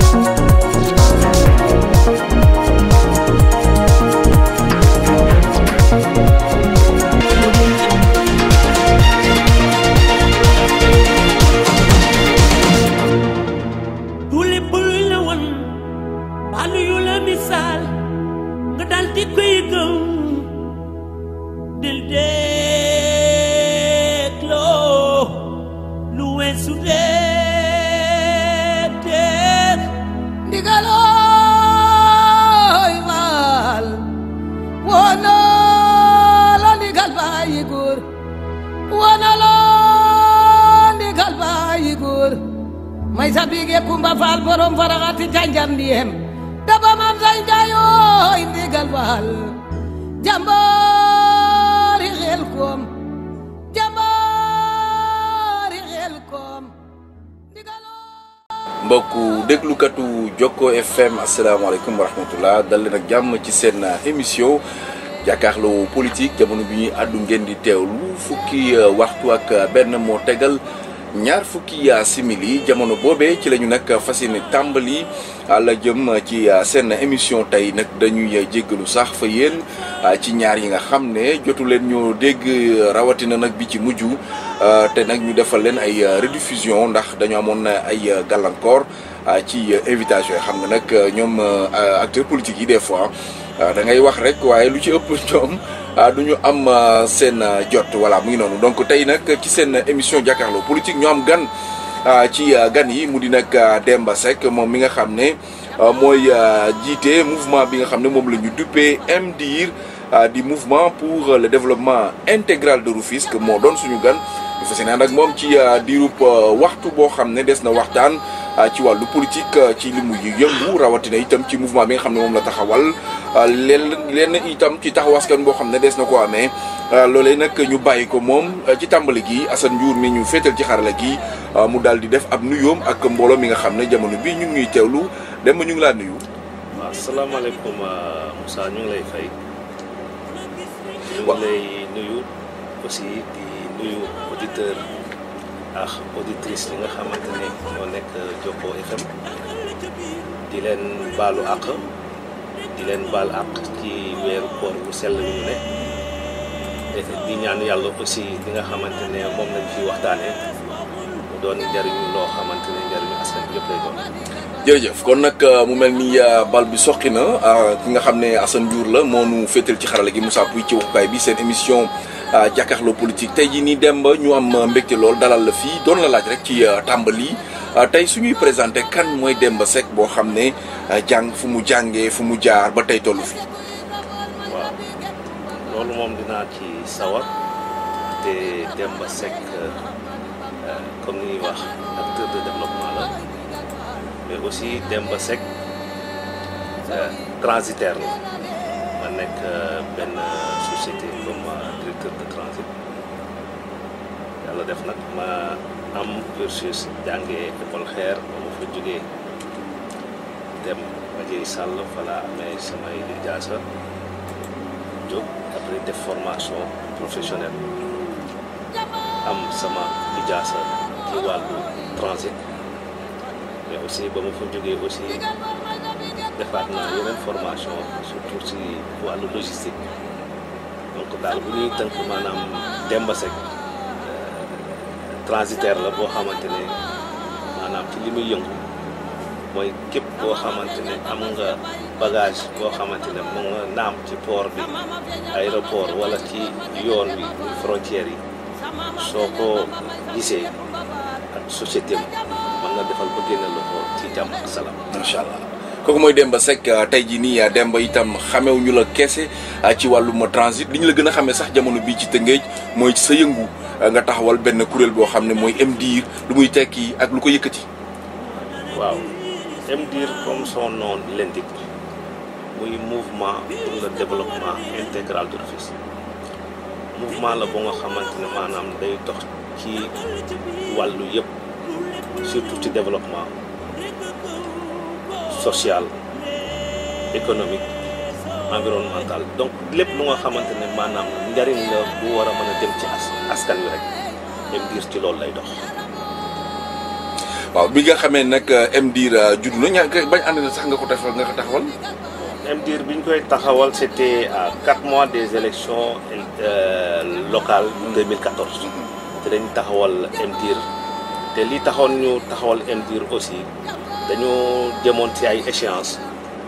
Thank FM asalaamaaleykum wa rahmatullah dal ak jàmm ci seen émission jàkkaarloo politique jamono bi ñuy àddu ngeen di teewlu fukki euh, waxtu ak euh, benn moo tegal ñaar fukki euh, simili jamono boobee ci lañu ñu nag fas yéene tàmbali la jëm ci seen émission tey nag dañuy jéggalu sax fa yéen ci ñaar yi nga xam ne jotu leen ñoo dégg rawatina nag bi ci mujj te nag ñu defal leen ay rediffusion ndax dañu amoon ay gàllankoor. Ah, ci euh, invitation xam nga euh, euh, acteurs politiques des fois da ngay wax rek waaye lu ci ëpp ñoom ah, duñu am seen jot voilà mu ngi donc tey nag ci seen émission la politique ñu am gan ah, ci gan yi mu di nag Demba Seck moom mi nga xam ne mooy mouvement bi nga xam ne moom la di mouvement pour le développement intégral de Rufisque moo doon suñu gan. qui ànd ak ci waxtu boo xam des na waxtaan. Ah, ci wàllu politique ah, ci li muy yëngu rawatina itam ci mouvement bi nga xam ne moom la taxawal ah, lenn lenn itam ci taxaw askan boo xam ne des na ko amee loolee nag ñu bàyyi ko moom ci tàmbali gi Assane Ndiour mi ñu féetal ci xarala gi mu daal di def ab nuyoom ak mbooloo mi nga xam ne jamono bi ñu ngi ñuy teewlu dem ba ñu ngi laa nuyu. waaw salaamaaleykum Moussa ñu ngi lay fay. ñu lay nuyu aussi di nuyu auditeur ak auditrice yi nga xamante ni ñoo nekk Jokko FM di leen baalu àq di leen baal àq ci weeru koor bu sell bi mu ne di ñaan yàlla aussi li nga xamante ne moom lañ fi waxtaanee mu doon njariñu loo xamante ne njariñu askan doon. jërëjëf kon nag euh, mu mel ni euh, bal bi soqi na euh, ki nga xam ne Assane Diour la moo nu féetal ci xarala gi Moussa Pouye ci waxukaay bi seen émission. jàkkaarloo politique tey jii nii demba ba ñu am mbégte lool dalal la fii doon la laaj rek ci euh, tàmbali euh, tey suñuy présenté kan mooy Demba Seck boo xam ne euh, jàng fu mu jàngee fu mu jaar ba tey tollu fii. waaw loolu moom dinaa ci sawar te Demba Seck comme ni ñuy wax acteur de développement la mais aussi Demba Seck transitaire la ma nekk benn société kër de transit yàlla def nag ma am cursus jàngee école xeer ba ma fa jógee dem ma jëy sàll fa laa amee samay après def formation professionnelle am sama lijaasa ci transit mais aussi ba ma fa jógee aussi defaat naa yeneen formation surtout ci wàllu logistique daal bu ñuy tënk maanaam Demba Seck euh, la boo xamante ne maanaam ci li muy yëngu mooy képp boo xamante ne am nga bagage boo xamante ne mu nga naam ci port bi aéroport wala ci yoon bi muy yi soo ko gisee ak société am nga defal ba génne la ci jàmm ak salaam. incha allah. kooku mooy Demba Seck euh, tey jii nii euh, Demba itam xamewuñu la keese euh, ci wàllum transit li ñu la gën a xamee sax jamono bii ci Tëngéej mooy sa yëngu nga taxawal benn kuréel boo xam ne mooy MDIR lu muy tekki ak lu ko yëkkati. waaw MDIR comme son nom l'indique muy mouvement pour le développement intégral de Rufisque mouvement la ba nga xamante ne maanaam day dox ci wàllu yëpp surtout ci développement. sociale économique environnementale donc lépp lu nga xamante ne maanaam njariñ la bu war a mën a dem ci askan wi rek MDIR ci loolu lay dox. waaw bi nga xamee nag euh, MDIR euh, judd na ña bañ ànd na sax nga ko taxawal nga ko taxawal. MDIR bi ñu koy taxawal c'était à quatre mois des élections euh, locales 2014. Mm. te dañ taxawal MDIR te li taxoon ñu taxawal MDIR aussi. Nous avons démontré ay échéance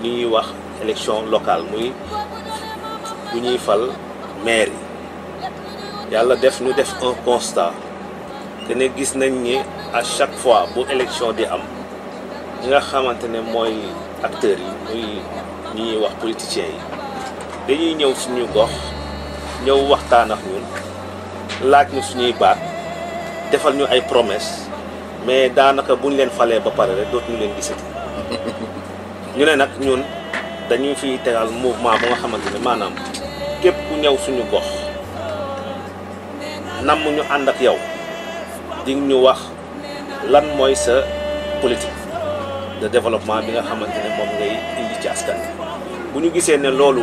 avons wax élection locale muy bu ñuy fal maire yi yàlla def un constat Que ne gis nañ ni à chaque fois bu élection di am ñi nga xamante ne mooy acteurs yi muy ñi wax politiciens yi dañuy ñëw suñu gox ñëw waxtaan ak ñun laaj suñuy baat defal ñu ay promesse mais daanaka bu ñu leen falee ba pare rek dootuñu leen gisati ñu ne nag ñun dañuy fi tegal mouvement bu nga xamante ne maanaam képp ku ñëw suñu gox nam ñu ànd ak yow di ñu wax lan mooy sa politique de développement bi nga xamante ne moom ngay indi ci askan bu ñu gisee ne loolu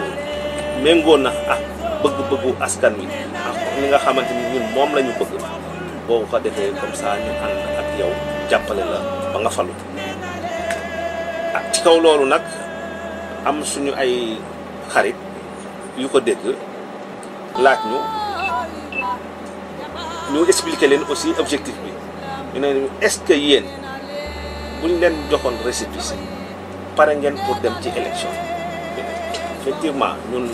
méngoo na ak bëgg-bëggu askan wi ak li nga xamante ni ñun moom la ñu bëgg. boo ko defee comme ça ñu ak yow jàppale la ba nga falu ak ah, ci kaw loolu nag am suñu ay xarit yu ko dégg laaj ñu ñu expliquer leen aussi objectif bi ñu ne ñu est-ce que yéen buñ leen joxoon récépissé pare ngeen pour dem ci élection effectivement ñun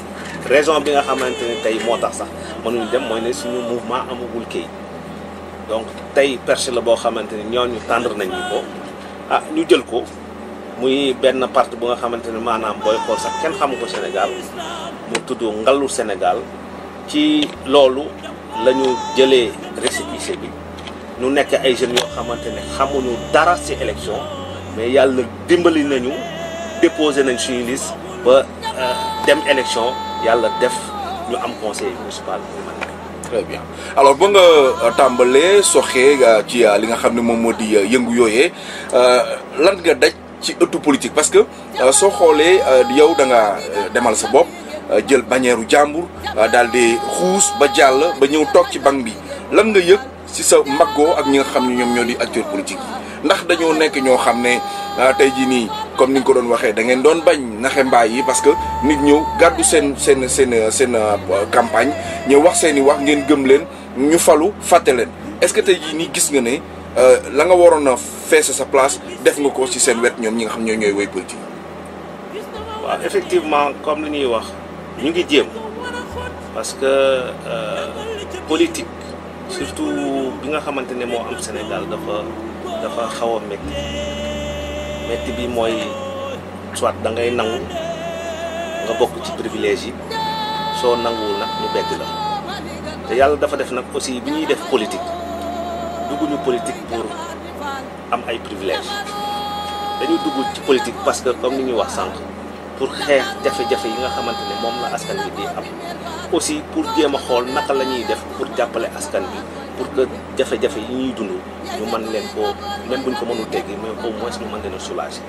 raison bi nga xamante ne tey moo tax sax mënuñu dem mooy ne suñu mouvement amagul kayit donc tay perche la boo xamante ni ñooñu tendre nañ ñu ko ah ñu jël ko muy benn partie bu nga xamante ni maanaam booy xool sax kenn xamu ko Sénégal mu tudd ngalu Sénégal ci loolu lañu ñu jëlee récépissé bi ñu nekk ay jeunes yoo xamante ne xamuñu dara ci élection mais yàlla dimbali nañu déposé nañ suñu liste ba euh, dem élection yàlla def ñu am conseil municipal. très bien alors ba nga euh, euh, tàmbalee soxee euh, ci li nga xam ne moom moo di yëngu yooyee lan nga daj ci ëttu politique parce que soo xoolee yow da nga demal sa bopp jël bannière jàmbur daal di xuus ba jàll ba ñëw toog ci banque bi lan nga yëg si sa maggo ak ñi nga xam ne ñoo di acteur politique ndax dañoo nekk ñoo xam ne ah, tey jii nii comme ni nga ko doon waxee da ngeen doon bañ naxe mbaay yi parce que nit ñëw gàddu seen seen seen seen ah, campagne ñëw wax seen i wax ngeen gëm leen ñu falu fàtte leen est-ce que tey jii nii gis nga ne euh, la nga waroon a fees sa place def nga ko ci seen wet ñoom ñi nga xam ñoo ñooy woy politique. waaw effectivement comme li ñuy wax ñu ngi jéem parce que euh, politique surtout bi nga xamante ne moo am Sénégal dafa. dafa xaw a métti métti bi mooy soit da ngay nangu nga bokk ci privilège yi soo nanguwul nag ñu bedd la te yàlla dafa def nag aussi bi ñuy def politique dugguñu politique pour am ay privilège dañu dugg ci politique parce que comme ni ñuy wax sànq pour xeex jafe-jafe yi nga xamante ne moom la askan bi di am aussi pour jéem a xool naka la ñuy def pour jàppale askan bi pour que jafe-jafe yi ñuy dund ñu mën leen koo même buñ ñu ko mënul teggi mais au moins ñu mën leen a soulager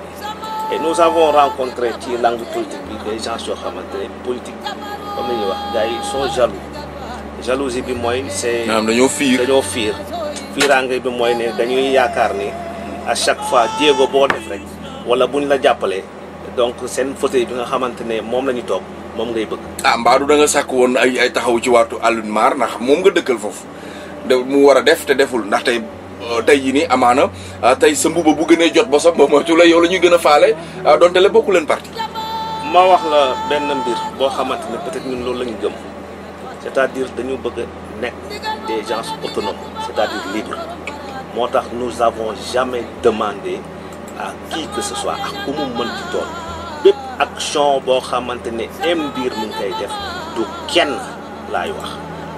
et nous avons rencontré ci langue politique bi des gens yoo xamante ne politique comme ni ñuy wax gars yi sont jaloux jalousie bi mooy c'est dañoo fiir dañoo fiir fiiraange bi mooy ne dañuy yaakaar ni à chaque fois jéego boo def rek wala buñ la jàppalee donc seen fauteuil bi nga xamante ne moom la ñu toog moom ngay bëgg ah mbaadu da nga sàkk woon ay ay taxaw ci waatu Alioune Mar ndax moom nga dëkkal foofu da mu war a def te deful ndax tey euh, tey jii nii amaana euh, tey sa mbuba bu gënee jot bosam ba moytu la yow la ñuy gën a faale euh, donte la bokk leen parti ma wax la benn mbir boo xamante ne peut-être ñun loolu la ñu gëm c'est-à-dire dañu bëgg a nekk des gens autonomes c'est-à-dire libres moo tax nous avons jamais demandé a qui que ce soit ak ku mu mënti doon bépp action boo xamante ne Mdir mu ngi koy def du kenn laay wax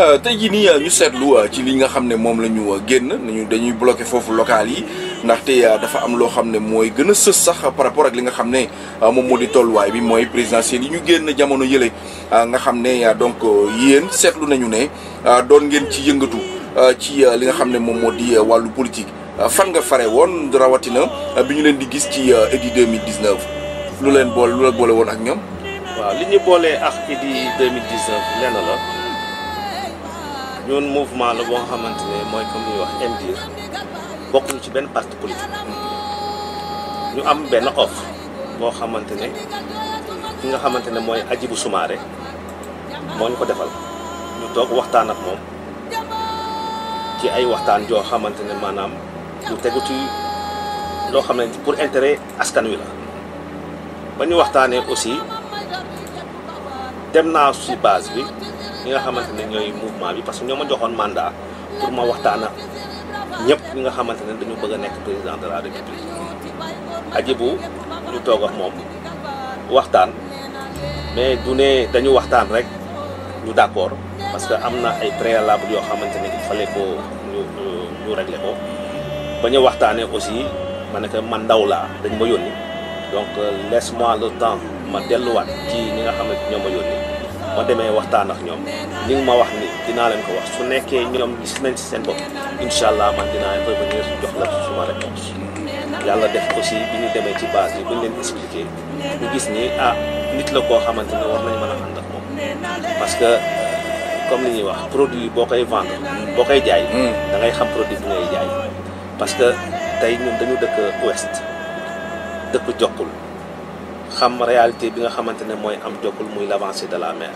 Euh, tey jii nii euh, ñu seetlu euh, ci li nga xam ne moom la ñu génn nañu dañuy bloqué foofu local yi ndaxte dafa am loo xam ne mooy gën a sës sax par rapport ak li nga xam ne moom moo bi mooy présidentiel yi ñu génn jamono yele nga xam ne donc yéen seetlu nañu ne doon ngeen ci yëngatu ci li nga xam ne moom moo di wàllu politique fan nga fare won rawatina bi ñu leen di gis ci Idy 2019 lu leen boole lu la boole woon ak ñoom waaw li ñu boolee ak Idy 2019 lenn la ñun mouvement la boo xamante ne mooy comme ñuy wax MDIR bokkuñu ci benn parti politique ñu am benn offre boo xamante ne ki nga xamante ne mooy Hadjibou Soumaré moo ñu ko defal ñu toog waxtaan ak moom ci ay waxtaan joo xamante ne maanaam lu tegu ci loo xam ne pour intérêt askan wi la ba ñu waxtaanee aussi dem naa ci base bi. ñi nga xamante ne ñooy mouvement bi parce que ñoo ma joxoon mandat pour ma waxtaan ak ñëpp ñi nga xamante ne dañu bëgg a nekk président de la république ajibu ñu toog ak moom waxtaan mais du ne dañu waxtaan rek ñu d' accord parce que am na ay préalable yoo xamante il fallait ko ñu ñu régler ko ba ñu aussi ma ne man ndaw laa dañ ma donc laisse moi le temps ma ci ñi nga ma demee waxtaan ak ñoom li nga ma wax ni dinaa leen ko wax su nekkee ñoom gis nañ si seen bopp incha allah man dinaa revenir jox la suma réponse yàlla def aussi bi ñu demee ci base bi bu ñu leen expliqué ñu gis ni ah nit la koo xamante ne war nañ mën a ànd ak moom parce que euh, comme li ñuy wax produit boo koy vendre boo koy jaay hmm. da xam produit bi ngay jaay parce que tey ñun dañu dëkk ouest dëkk jokkul xam réalité bi nga xamante ne mooy am jokkul muy l'avancée de la mer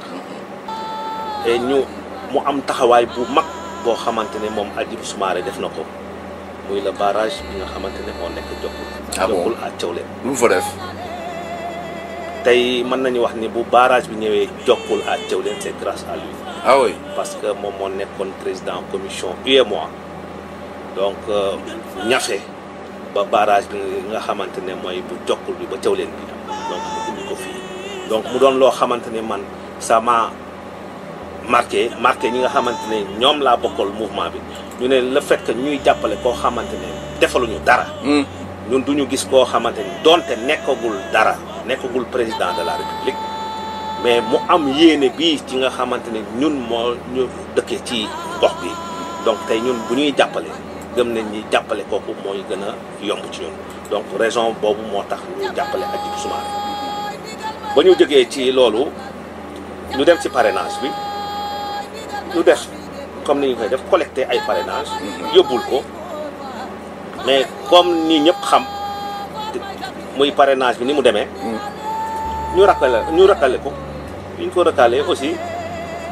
et ñu mu am taxawaay bu mag boo xamante ne moom Hadjibou Soumaré def na ko muy le barrage bi nga xamante ne moo nekk jokkul ah jokkul ak Thiawlé lu mën nañu wax ni bu barrage bi ñëwee jokkul à Thiawlé c'est grâce ah parce que moom moo nekkoon président commission UEMOA donc euh, ñafe ba barrage bi nga xamante ne mooy bu jokkul bi ba Thiawlé bi donc mu ko fii donc mu doon loo xamante ne man ça m'a marqué marqué ñi nga xamante ne ñoom laa bokkal mouvement bi ñu ne la fekk ñuy jàppale koo xamante ne defaluñu dara. Hmm. ñun duñu gis koo xamante ni donte nekkagul dara nekkagul président de la république mais mu am yéene bi ci nga xamante ne ñun moo ñu dëkkee ci gox bi donc tey ñun bu ñuy jàppale gëm nañ ñi jàppale kooku mooy gën a yomb ci ñun. donc raison boobu moo tax ñu jàppale Hadjibou Soumaré ba ñu jógee ci loolu ñu dem ci parrainage bi ñu def comme ni ñu koy def collecté ay parrainage yóbbul ko mais comme ni ñëpp xam muy parrainage bi ni mu demee ñu rakkale ñu rakkale ko bi ñu ko rakkale aussi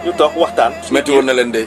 ñu toog waxtaan métti na leen de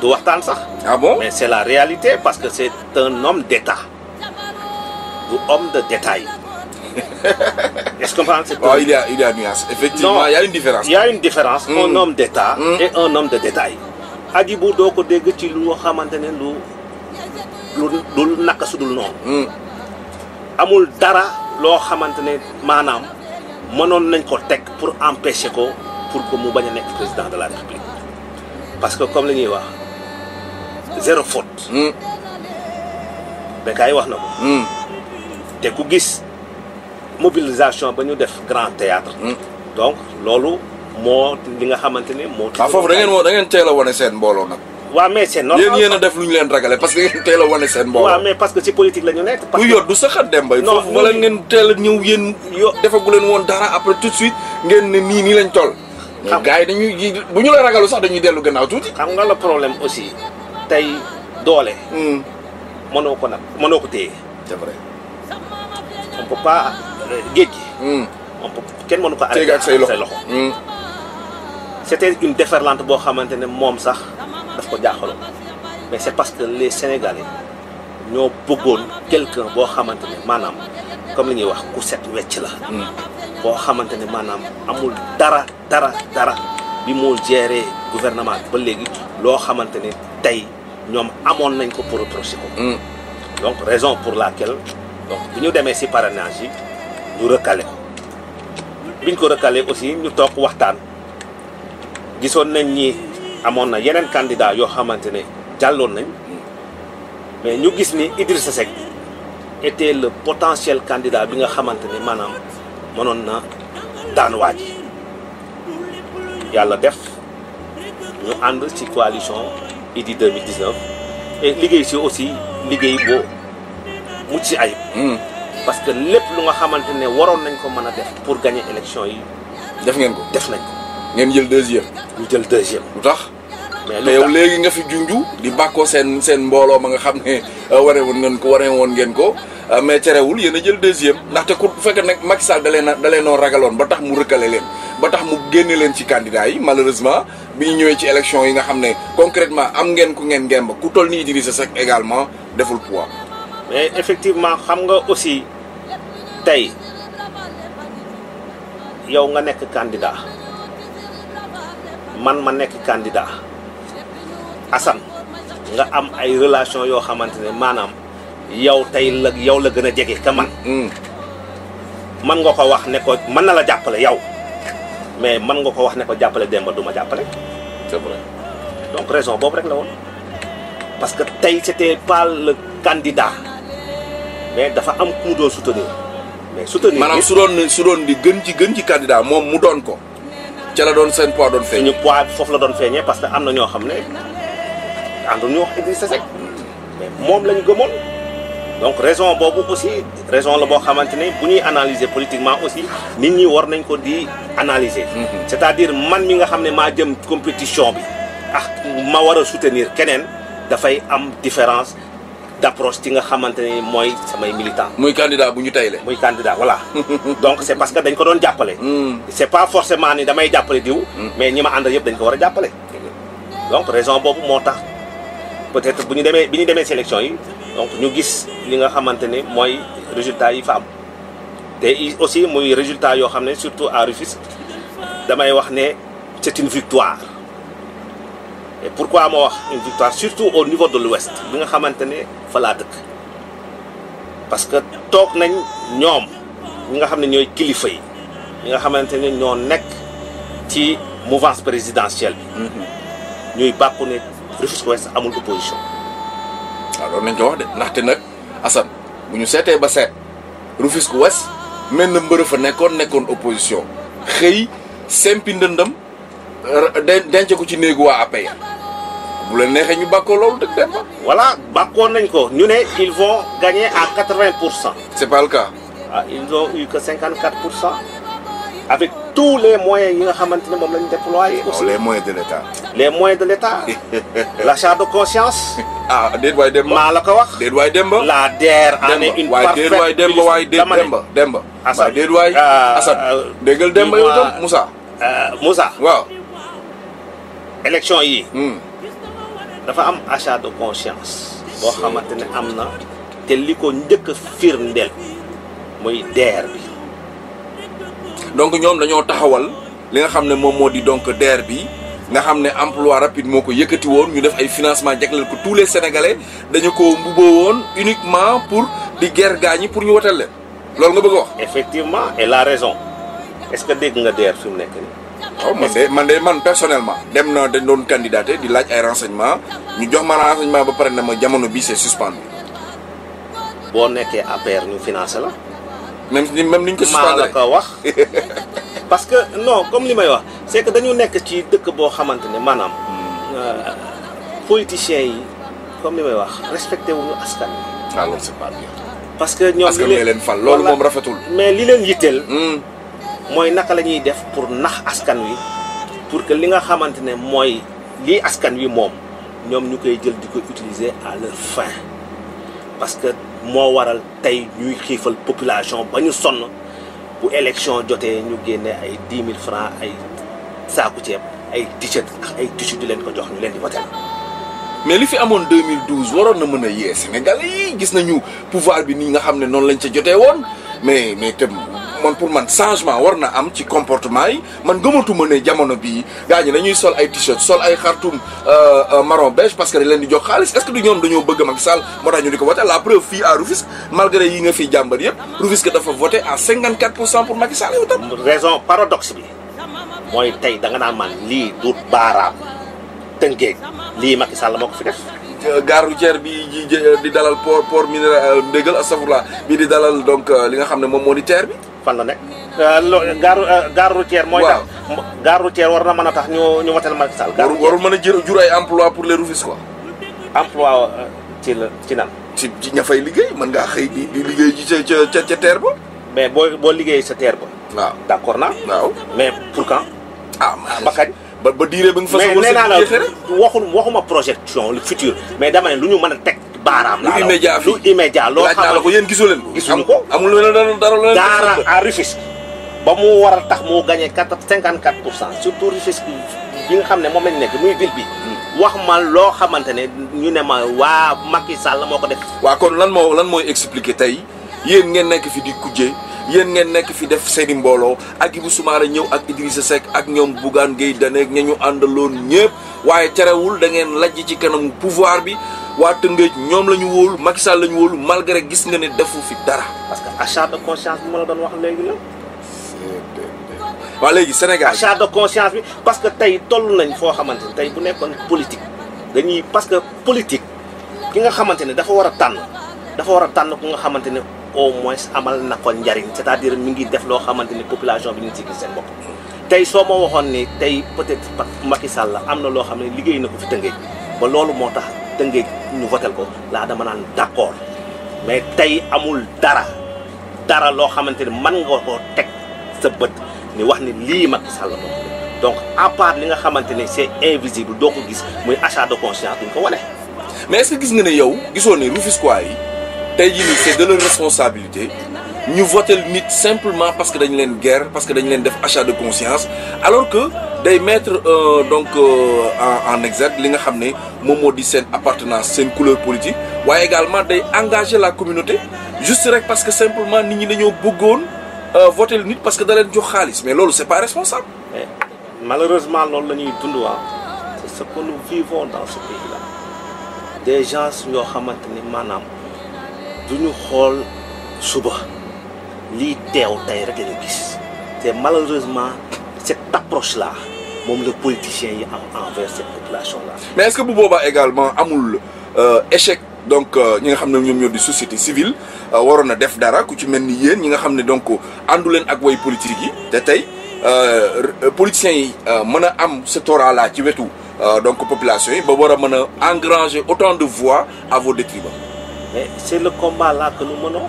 du sax. ah bon mais c'est la réalité parce que c'est un homme d'État un homme de détail. Est-ce que vous comprenez oh, il, y a, il y a une nuance. Effectivement, non, il y a une différence. Il y a une différence. Mmh. Un homme d'État mm. et un homme de détail. Adibou doko dégg ci lu xamantene lu lu lu naka non. Mm. Amul dara lo xamantene manam mënon nañ ko tek pour empêcher ko pour que mu baña nek président de la République. Parce que comme le wax zéro faute hmm. Bécaye wax na ko hmm. te ku gis mobilisation ba ñu def grand théâtre hmm. donc loolu mo li nga xamante ni moo ah foofu da ngeen woo da ngeen teel a wane seen mbooloo nag waa mais c'est normal yéen yéen a def lu ñu leen parce que ngeen teel a wane seen mbooloo mais parce que ci politique la ñu nekk ku yor du saxat dem bay foofu wala ngeen teel a ñëw yéen yo defagu leen woon dara après tout de suite ngeen ne ni nii lañ toll gars yi dañuy bu ñu la ragalu sax dañuy dellu gannaaw tuuti xam nga le problème aussi tey doole. Mm. mënoo ko nag mënoo ko téye. c'est vrai. on peut géej gi. Mm. on peut kenn mënu ko arrêté ak say loxo mm. c'était une déferlante boo xamante ne moom sax daf ko jaaxaloon mais c'est parce que les Sénégalais ñoo bëggoon quelqu'un boo xamante ne maanaam comme li ñuy wax ku set wecc la. boo xamante ne maanaam amul dara dara dara bi mu géré gouvernement ba léegi loo xamante ne tey. Nous avons pour hmm. donc raison pour laquelle donc nous ñu demee nous nous recalé aussi ñu nous sommes y candidat mais nous avons ni Idrissa Seck était le potentiel candidat que nga ne maanaam na nous def ñu coalition. idi 2019 et liggéey si aussi liggéey boo mucc si ayib. Hmm. parce que lépp lu nga xamante ne waroon nañ ko mën a def pour gagner élection yi. def ngeen ko def nañ ngeen jël deuxième. ñu jël deuxième. lu tax. mais yow léegi nga fi junju di bàkkoo seen seen mbooloo ma nga xam ne euh, waree woon ngeen ko waree woon ngeen ko. Euh, mais terewul yéen a jël deuxième ndaxte ku fekkee nag Macky Sall da leen ragaloon ba tax mu rëkkale leen ba tax mu génne leen ci candidat yi malheureusement bi ñu ñëwee ci élection yi nga xam ne concrètement am ngeen ku ngeen ngemb ku toll ni Idrissa Seck également deful poids. mais effectivement xam nga aussi tey yow nga nekk candidat man ma nekk candidat Assane nga am ay relation yoo xamante ne maanaam. yow tey la yow la gën a jege ka man mm. man nga ko wax ne ko mën na la jàppale yow mais man nga ko wax ne ko jàppale Demba du ma jàppale c'est donc raison boobu rek la woon parce que tey c'était pas le candidat mais dafa am ku mu doon soutenir mais soutenir maanaam su doon su doon di gën ci gën ci candidat moom mu doon ko ca la doon seen poids doon feeñ suñu foofu la doon feeñee parce que am na ñoo xam ne àndu ñu wax Idrissa Seck mm. mais moom la gëmoon donc raison bobu aussi raison la bo xamanteni ne analyser politiquement aussi nit ñi war nañ ko di analyser. Mhm. c'est-à-dire man mi nga xamné ma jëm compétition bi Ah, ma wara soutenir soutenir da fay am différence d'approche ci nga xamanteni moy samay militant moy candidat buñu taylé moy candidat voilà donc c'est parce que dañ ko doon jappalé hmm. c'est pas forcément ni damay jappalé diw hmm. mais ñima ma yépp dañ ko wara jappalé donc raison bobu motax peut-être buñu démé biñu démé sélection yi donc ñu gis li nga xamantene moy résultat yi fa am aussi moy résultat yo xamné surtout à Rufisque damay wax né c'est une victoire et pourquoi mo wax une victoire surtout au niveau de l'ouest bi nga xamantene fa dëkk parce que tok nañ ñom bi nga xamné ñoy kilifa yi bi nga xamantene ñoo ci mouvance présidentielle mm-hmm. ñuy bàkku ne Rufisque Ouest amul opposition alors ah, loolu nañ ko nous Assane bu ba opposition xëy sempi ndëndam denc ko ci ñu voilà nous nañ ko ñu ils vont gagner à 80%. c'est pas le cas. Ah, ils ont eu que 54% avec tous les moyens yi nga avons déployés. les moyens de l'État. les moyens de l'État. l'achat de conscience. ah déet waay de la la DER en est une parfaite. Demba Demba ASSAD Demba euh, Moussa. Euh, Moussa. waaw. élection yi. Hmm. dafa am achat de conscience. de amna. qui de DER donc ñoom dañoo taxawal li nga xam ne moom moo di donc DER bi nga xam ne emploi rapide moo ko yëkkati woon ñu def ay financement jagleel ko tous les sénégalais dañu ko mbuboo woon uniquement pour di guerre gaañi pour ñu wotal leen loolu nga bëgg wax effectivement et la raison est ce que dégg nga DER fi mu nekk oh, man de man de man personnellement dem na dañ doon candidaté di laaj ay renseignement ñu jox ma renseignement ba ma jamono bii c'est suspendu boo nekkee APR ñu financé la même même ni ko suspendre maa la ko wax. parce que non comme li may wax c'est que dañu nekk ci dëkk boo xamante ne maanaam. Euh, politiciens yi comme li may wax respecté wuñu askan wi. Ah, parce que ñoom li leen leen fal loolu moom rafetul. mais li leen yitteel. Hmm. mooy naka la ñuy def pour nax askan wi pour que li nga xamante ne mooy lii askan wi moom ñoom ñu koy jël di ko utiliser à leur fin parce que. moo waral tey ñuy xiifal population ba ñu sonn bu élection jotee ñu génne ay dix mille francs ay saaku ceeb ay t-shirt ak ay t-shirt leen ko jox ñu leen di voté. mais li fi amoon 2012 waroon na mën a yee Sénégal yi gis nañu pouvoir bi nii nga xam ne noonu lañ ca jotee woon mais mais te man pour man changement war na am ci comportement yi man gëmatuma jamono bi gaañu dañuy sol ay t-shirt sol ay xartum euh, euh, marron beige parce que dañ leen di jox xaalis est ce que du ñoom dañoo bëgg Macky Sall moo tax ñu di ko voté la preuve fii à Rufisque malgré yi nga fi jàmbar yëpp Rufisque dafa voté à 54 pour Macky Sall yow tam raison paradoxe bi mooy tey da nga naan man lii duut baaraam tëngeeg lii Macky Sall moo fi def euh, gare routière bi di dalal port port mineral, ndégal astafurlah bi di dalal donc li nga xam ne moom bi fan la nekk. gare euh, gare euh, routière mooy tax gare routière war na mën a tax ñu ñu wotal Macky Sall. gare war mën a jël jur ay emploi pour les Rufisques quoi. emploi euh, ci la ci nan. ci ci ña fay liggéey mën ngaa xëy di di liggéey ci ca ca ca terre ba. mais boo boo liggéey sa terre ba. waaw d' na waaw mais pour quand. ah, ah ba kañ. ba ba diire ba nga fa. mais nee naa la waxul waxuma projection le mais dama lu ñu mën a teg. baaraam laa immédiat lu immédiat loo xam ne ko yéen gisu leen ko gisuñu amul lu leen dara lu dara à Rufisque ba mu waral tax mu gagné 4 54 pour cent surtout Rufisque bi nga hmm. xam ne moom lañ nekk muy ville bi wax ma loo xamante ñu ne ma waa Macky Sall moo def waa kon lan moo lan mooy expliquer tey yéen ngeen nekk fi di kujje yéen ngeen nekk fi def seeni mbooloo ak Ibou Soumaré ñëw ak Idrissa Seck ak ñoom Bougane Gueye Dane ak ñu àndaloon ñëpp waaye terewul da ngeen lajj ci kanamu pouvoir bi waa Tëngéej ñoom la ñu wóolu Macky Sall la ñu wóolu malgré gis nga ne defu fi dara. parce que achat de conscience bi ma la doon wax léegi la. Sénégal achat de parce que tey toll nañ foo xamante ne tey bu nekkoon politique dañuy parce que politique ki nga xamante ne dafa war a tànn dafa war a tànn ku nga xamante ne au moins amal na ko njariñ c'est-à-dire mi ngi def loo xamante ne population bi ñu ngi ci gis seen bopp. tey soo ma waxoon ni tey peut-être Macky la am na loo xam ne liggéey na ko fi Tëngéej ba loolu moo tax Tëngéej ñu votel ko laa dama naan d'accord mais tey amul dara dara loo xamante ne man nga koo teg sa bët ni wax ni lii Macky Sall moom donc à part li nga xamante ne c'est invisible doo ko gis muy achat de conscience duñ ko wane. mais est gis nga ne yow gisoo ne Rufisquois yi tey jii nii c'est de leur responsabilité. Nous votons le mythe simplement parce que a une guerre parce que y a def achat de conscience alors que de mettre euh, donc euh, en exergue ce nga nous Momo dit di une appartenance couleur politique Ou également d'engager engager la communauté juste parce que simplement nit ñi dañoo voter le mythe parce que nous avons jox mais ce n'est pas responsable. malheureusement c'est ce que nous vivons dans ce pays-là des gens nous xamante ni manam. du nous xool suba. C'est malheureusement cette approche là même le politicien envers cette population là. mais est-ce que bu boobaa également amul euh, échec donc euh, ñi nga xam ñoom ñoo di société civile euh, waro a def dara ku ci melni yeen ñi nga donc andu len ak way politique yi tay euh politiciens yi mën am ce torat là ci donc population yi ba wara a engranger autant de voix à vos détriments mais c'est le combat là que nous menons.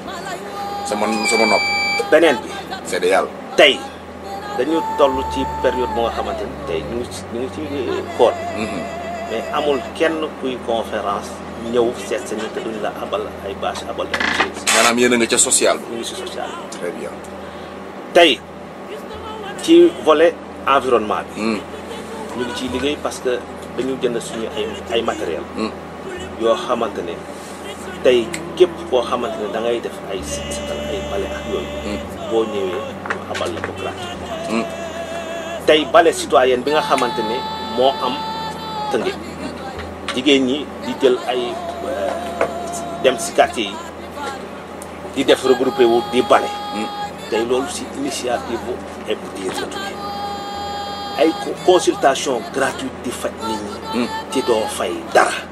sama sama nopp. beneen bi. seede yàlla. tey dañu toll ci période bu nga xamante ni tey ñu ngi ci ñu mm-hmm. mais amul kenn kuy conférence ñëw seet sa nit te la abal ay bâche abal ay chaise. maanaam yéen a nga ca social bi. ñu ngi si social bi. tey ci volet environnement bi. Mm. ñu ngi ciy liggéey parce que dañu jënd suñu ay ay mm. yoo xamante ne. tey koo xamante ne da def ay site ay bale ak yooyu. Hmm. boo ñëwee ñu abal hmm. bi nga xamante ne moo am tënge. jigéen ñi di jël ay euh, dem si yi di def regroupé wu di bale. Hmm. tey loolu si initiative bu EPDIR la tuddee ay consultation gratuite di fa nit ci doo fay dara.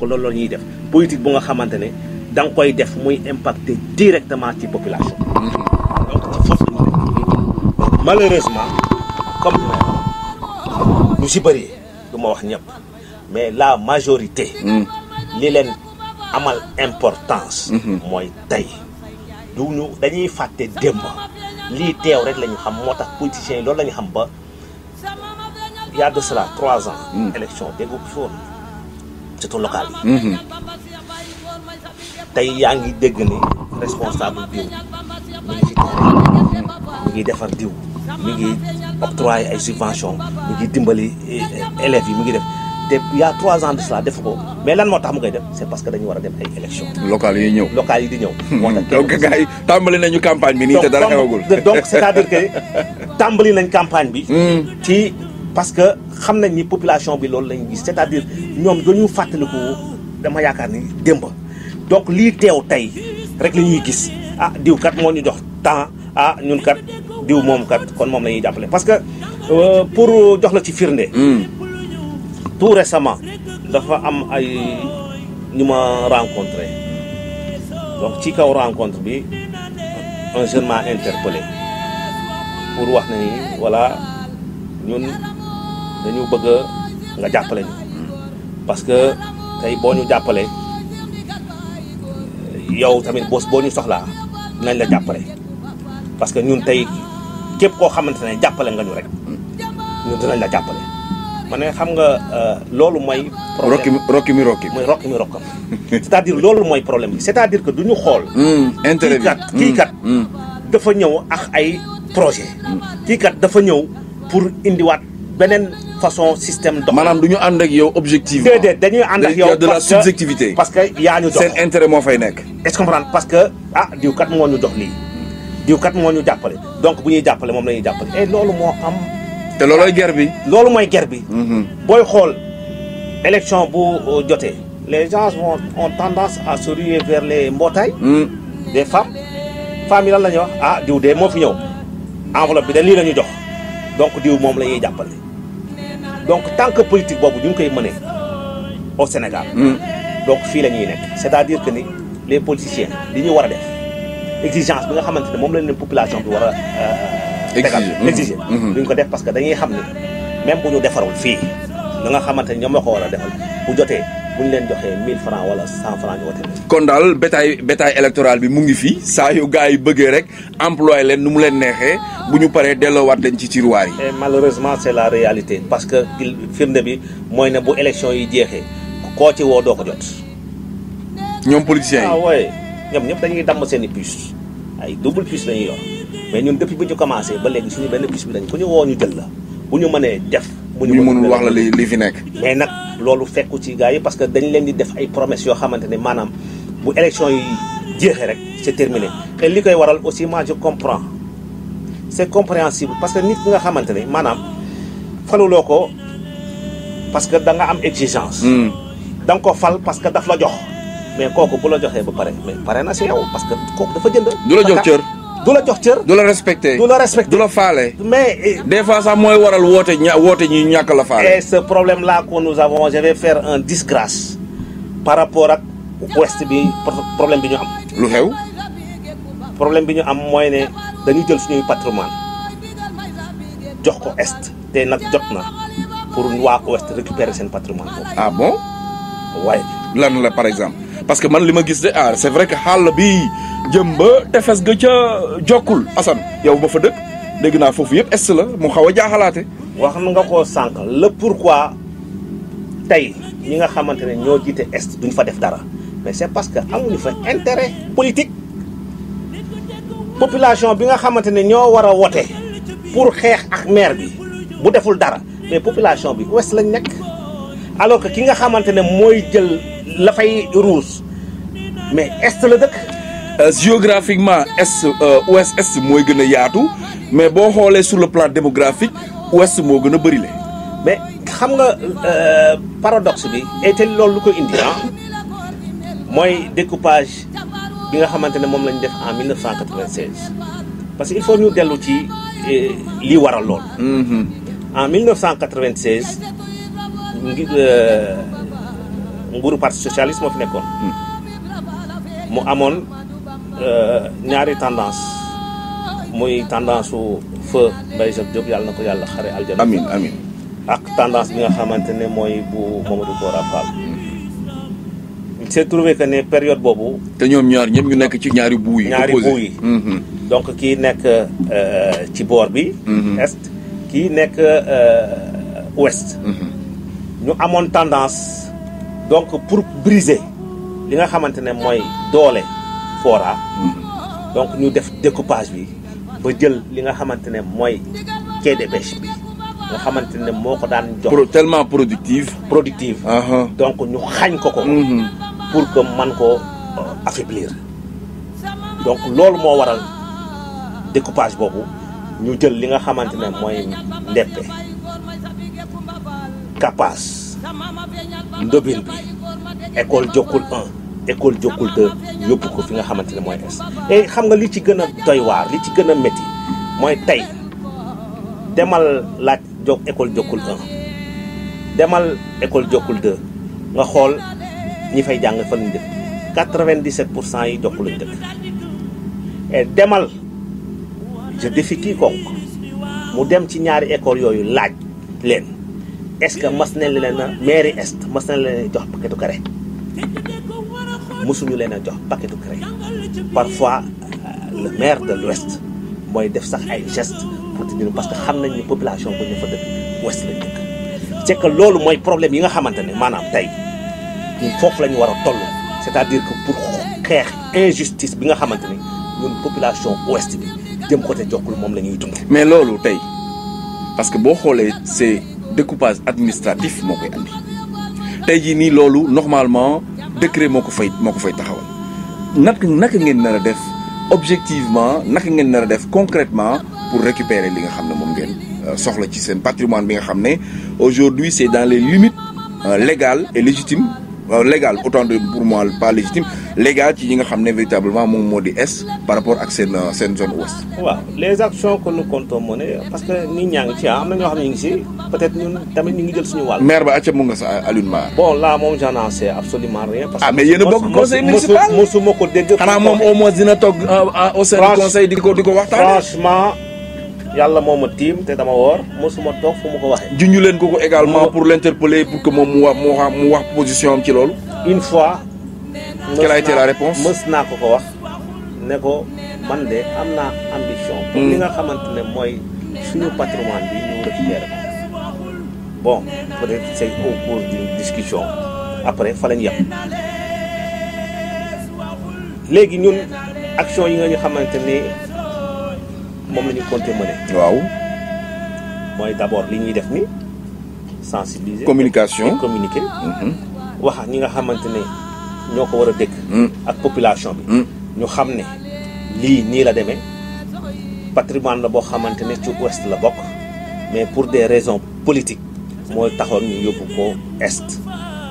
ko loolu la ñuy def politique bu nga xamante ne da nga koy def muy impacté directement ci population. malheureusement comme nous si bëri du ma wax ñëpp mais la majorité. Hmm. li leen amal importance. Hmm. mooy tey du ñu dañuy fàtte démb lii teew rek lañu xam moo tax politiciens yi loolu la ñu xam ba y de cela trois ans. Hmm. élection dégg nga surtout local yi. Mm-hmm. tey yaa ngi dégg ni responsable diw mi ngi defar diw mi ngi octroyer ay subvention mi ngi dimbali eh, élèves yi mi ngi def te y trois ans de cela def ko mais lan moo tax mu koy def c'est parce que dañu war a dem ay élection local yi ñëw local yi di ñëw hmm. moo tax donc gars yi campagne bi nii te dara donc c'est-à-dire que tàmbali nañ campagne bi hmm. ci parce que xam nañ ni population bi loolu lañu gis c'est-à-dire ñoom dañu fàttaliku dama yaakaar ni démb donc lii teew tey rek la ñuy gis ah diw kat moo ñu jox temps ah ñun kat diw moom kat kon moom la ñuy jàppale parce que euh, pour jox la ci firnde. Hmm. tout récemment dafa am ay ñu ma rencontré donc ci kaw rencontre bi un jeune m'a interpellé pour wax ni voilà ñun. dañu bëgg nga jàppale ñu parce que tey boo ñu jàppale yow tamit boo boo ñu soxlaa nañ la jàppale parce que ñun tey képp koo xamante ne jàppale nga ñu rek ñun dinañ la jàppale ma xam nga euh, loolu mooy problème rokki mi rokki mooy rokki mi rokkam c'est-à-dire loolu mooy problème bi c'est-à-dire que du ñu xool mm, intérêt bi kii kat mm, kii kat mm. dafa ñëw ak ay projet kii kat dafa ñëw pour indiwaat benen façon système dox. maanaam du ñu ak yow objectif déedéet dañuy ànd ak yow de la subjectivité. parce que yaa ñu dox seen intérêt mo fay nek est-ce comprendre parce que ah diou kat moo ñu dox lii diou kat moo ñu jàppale donc bu ñuy jàppale moom la ñuy et lolu mo am. te loolooy guerre bi. loolu mooy guerre bi. Mm-hmm. booy xool élection bu euh, joté les gens vont ont tendance à se ruer vers les mbootaay. Mm. des femmes. femmes yi lan la wax ah diou de mo fi ñew enveloppe bi dañ li la ñu jox donc diou mom la jappalé donc tant que politique bobu ñu koy mëne au Sénégal. Hmm. donc fi la ñuy c'est-à-dire que ni les politiciens li ñu wara def exigence bi nga xamantene mom moom lañ population bi wara euh exiger hmm. Hmm. duñ ko def parce que dañuy xam même bu ñu défarul fi nga xamantene ñom la ko wara defal bu jotee. bu ñu leen joxee 1000 francs wala 100 francs ñu wote kon daal bétail bétail électoral bi mu ngi fi saa yu gars yi bëggee rek employé leen nu mu leen neexee bu ñu paree delloowaat dañ ci tiroir yi. et malheureusement c'est la réalité parce que firnde bi mooy ne bu élection yi jeexee koo ci woo doo ko jot. ñoom politiciens yi ah ñoom ñëpp dañuy damm seen i puces ay double puce la ñuy yor mais ñun depuis ñu commencé ba léegi suñu benn puce bi dañ ku ñu woo ñu jël la bu ñu mënee def. bu ñu mënul wax la li li fi nekk. mais nag loolu fekku ci gars yi parce que dañ leen di def ay promesses yoo xamante ne maanaam bu élection yi jeexee rek c'est terminé et li koy waral aussi moi je comprends c'est compréhensible parce que nit ki nga xamante ne maanaam faluloo ko parce que da nga am exigence. Hmm. da nga ko fal parce que daf la jox mais kooku bu la joxee ba pare mais pare na si yow parce que kooku dafa jënd. du la jox cër. du la jox cër. du la respecté du la respecté du la mais eh, des fois ça mooy waral woote ña woote ñuy ñàkk la faire. et ce problème là que nous avons je vais faire un disgrâce par rapport ak ouest bi problème bi ñu am. lu xew. problème bi ñu am moy né dañu jël suñu patrimoine jox ko est te nag jot na pour waa ouest récupérer sen patrimoine ah bon. Ouais. lan la par exemple parce que man li ma gis de ah c'est vrai que xàll bi jëm ba tefes ga ca jokkul asan yow ba fa dëkk dégg naa foofu yëpp est la mu xaw a jaaxalaate wax xam nga ko sànq le pourquoi tey ñi nga xamante ne ñoo jiite est duñ fa def dara mais c'est parce que amuñu fa intérêt politique population bi nga xamante ne ñoo war a wote pour xeex ak meer bi bu deful dara mais population bi ouest lañ nekk alors que ki nga xamante ne mooy jël la fay ruus mais est la dëkk Euh, géographiquement est euh, ouest est moy gëna a yaatu mais bon xolé sur le plan démographique ouest mo gëna que bëri le mais xam nga euh, paradoxe bi était loolu lu ko indi ah, découpage bi nga xamante mom lañ def en 1996 parce qu'il faut ñu dellu ci li waral lool. Mm-hmm. en 1996 ngi nguru parti socialiste mo fi nekkoon. Mm. mu Euh, ñaari tendance muy tendance su feu Mbaye Jacques yàlla na ko yàlla xare aljana amiin amiin ak tendance bi nga xamante ne mooy bu Mamadou Bora Fall c'est trouvé que ne période boobu te ñoom ñaar ñëpp ñu nekk ci ñaari buu ñaari buu yi mhm. donc kii nekk euh, ci boor bi mhm. est kii nekk euh, ouest mhm. ñu amoon tendance donc pour briser li nga xamante ne mooy doole fora mm-hmm. donc ñu def découpage bi ba jël li nga xamantene moy mooy quai de pêche bi nga xamantene moko daan jox tellement productive productive uh-huh. donc ñu xagn ko ko mm-hmm. pour que man ko euh, affaiblir donc lool mo waral découpage bobu ñu jël li nga xamantene moy mooy ndeppe kapaas bi école jokkul 1 école Jokkul 2 yóbbu ko fi nga xamante ne mooy es et xam nga li ci gën a doy li ci gën a métti mooy tey demal laaj jo école Jokkul 1 demal école Jokkul 2 nga xool ñi fay jàng fan lañ dëkk 97 pour cent yi Jokkul lañ dëkk et demal je défie quiconque mu dem ci ñaari école yooyu laaj leen est-ce que mas nañ leen a mairie est mas nañ leen jox paquetu kare mësuñu leen a jox paquetu craie parfois le maire de l'ouest mooy def sax ay gestes pour te dire parce que xam nañ ni population bu ñu fa dëkk ouest la dëkk c'est que loolu mooy problème yi nga xamante ne maanaam tey ñun foofu la ñu war a toll c'est-à-dire que pour xeex injustice bi nga xamante ne ñun population ouest bi jëm côté Jokkul moom la ñuy dund mais loolu tey parce que boo xoolee c'est découpage administratif moo koy andi tey jii nii loolu normalement décret moo ko fay moo ko fay pas nak naka objectivement naka ngeen nar a concrètement pour récupérer li nga xam ne moom euh, soxla ci seen patrimoine bi nga aujourd'hui c'est dans les limites euh, légales et légitimes euh, légal autant de pour moi pas légitime légal ci nga xamné véritablement mon modi est par rapport ak seen euh, seen zone ouest. waaw les actions que nous comptons mener parce que ni ñaa ci ah, am nga xamné ci peut-être ñun tamit ni ngi jël suñu wal maire ba acca mu nga sa euh, Alioune bon là mom j'en ai sais absolument rien. parce ah, que ah mais yene a bokk conseil municipal mosuma moko dégg. xana mom au moins dina tok au sein du conseil diko diko waxtane franchement yalla moma tim té dama wor musuma tok fu mu ko waxee. junj leen également pour l'interpeller pour que mom mu mo mu wax position am ci lool une fois. quelle a été la réponse mës ko ko wax né ko man dé amna ambition. pour li hmm. nga xamantene moy mooy suñu patrimoine bi ñu récupéré bon peut-être c'est au cours d'une discussion après fa lañ yem légui ñun action yi nga ñu xamante moom la ñu compté mëne. waaw. mooy d' abord li ñuy def ni sensibiliser. communication communiquer. Mhm. wax ak ñi nga xamante ne ñoo ko war a dégg. Mhm. ak population bi. Mhm. ñu xam ne lii nii la demee patrimoine la boo xamante ne ci ouest la bokk mais pour des raisons politiques mooy taxoon ñu yóbbu ko est.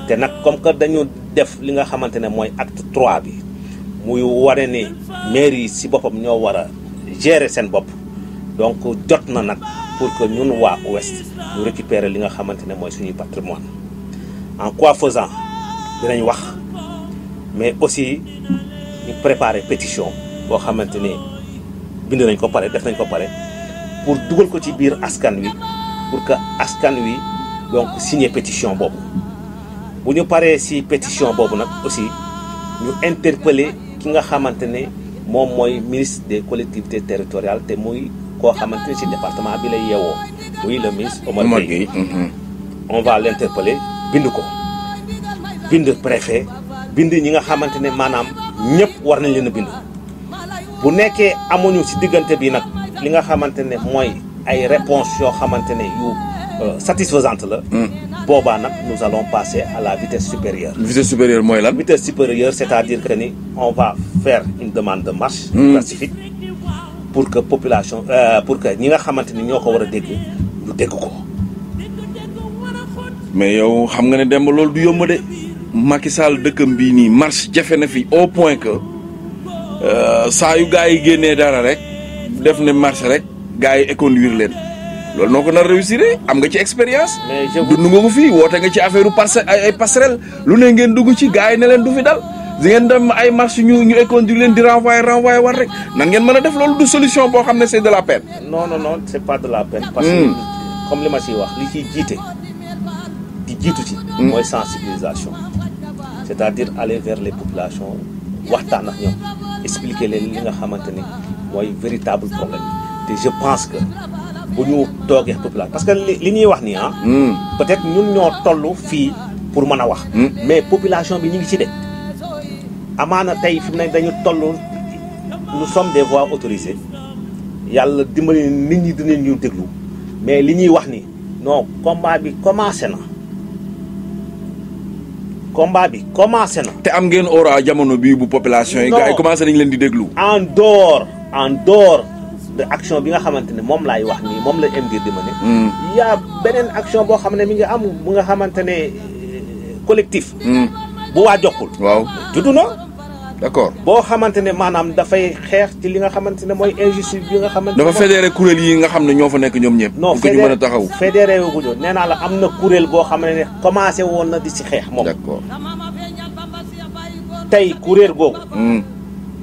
te nag comme que dañu def li nga xamante ne mooy acte trois bi muy wane ne mairie yi si boppam ñoo war a gérer sen bop donc jot na pour que ñun wa ouest ñu récupérer li nga xamantene moy suñu patrimoine en quoi faisant dinañ wax mais aussi ñu préparer pétition bo xamantene ne bind nañ ko paré def nañ ko paré pour dugal ko ci biir askan wi pour que askan wi donc signer pétition boobu bu ñu paré si pétition boobu nak aussi ñu interpeller ki nga xamantene moom ministre des collectivités territoriales te département bi lay oui le ministre Omar mhm. on va l'interpeller bind ko bind préfet bind ñi nga xamante ne maanaam war nañ leen a bu amuñu ne ay euh, satisfaisante le hmm. nous allons passer à la vitesse supérieure. vitesse supérieure vitesse supérieure c'est-à-dire que on va faire une demande de marche. Hmm. pacifique pour que population euh, pour que ñi nga ni de ko. mais yow xam nga du de. Macky Sall marche jafé na au point que ça euh, yu rek def ne marche rek gaay loolu noo ko nar réussir am nga ci expérience. dund nga ko fii woote nga ci affaire parce ay passerelle lu ne ngeen dugg ci gars yi ne leen du fi dal di ngeen dem ay marche ñu ñu leen di renvoyer renvoyer war rek nan ngeen mën a def loolu du solution boo xam ne c'est de la peine. no non non c'est pas de la peine. parce hmm. comme li ma siy wax li ciy jiite di jiitu ci. Hmm. mooy sensibilisation. c'est-à-dire aller vers les populations waxtaan ak ñoom expliquer leen li nga xamante ni mooy véritable problème je pense bu ñu toogee population parce que li ñuy wax ni ah. Hmm. peut être ñun ñoo toll fii pour mën a wax. Hmm. mais population bi ñu ngi ci de amaana tey fi mu ne dañu toll nous sommes des voix autorisées yàlla dimbali nit ñi dinañ ñu déglu mais li ñuy wax ni non combat bi commencé na. combat bi commencé na. te am ngeen aura jamono bii bu population yi. non gars yi commencé nañ leen di déglu. en dehors en dehors action bi nga xamante ne moom laay wax nii moom la MDIR di mener. Hmm. yaa beneen action boo xam ne mi ngi am bu nga xamante ne collectif. Hmm. bu waa jokkul. waaw juddu na. d'accord boo xamante ne maanaam dafay xeex ci li nga xamante ne mooy injustice bi nga xamante ne. dafa fédéré kuréel yi nga xam ne ñoo fa nekk ñoom ñëpp. non fédéré ñu wu ñu nee naa la am na kuréel boo xam ne commencé woon na di si xeex moom. d'accord tey kuréel googu. Hmm.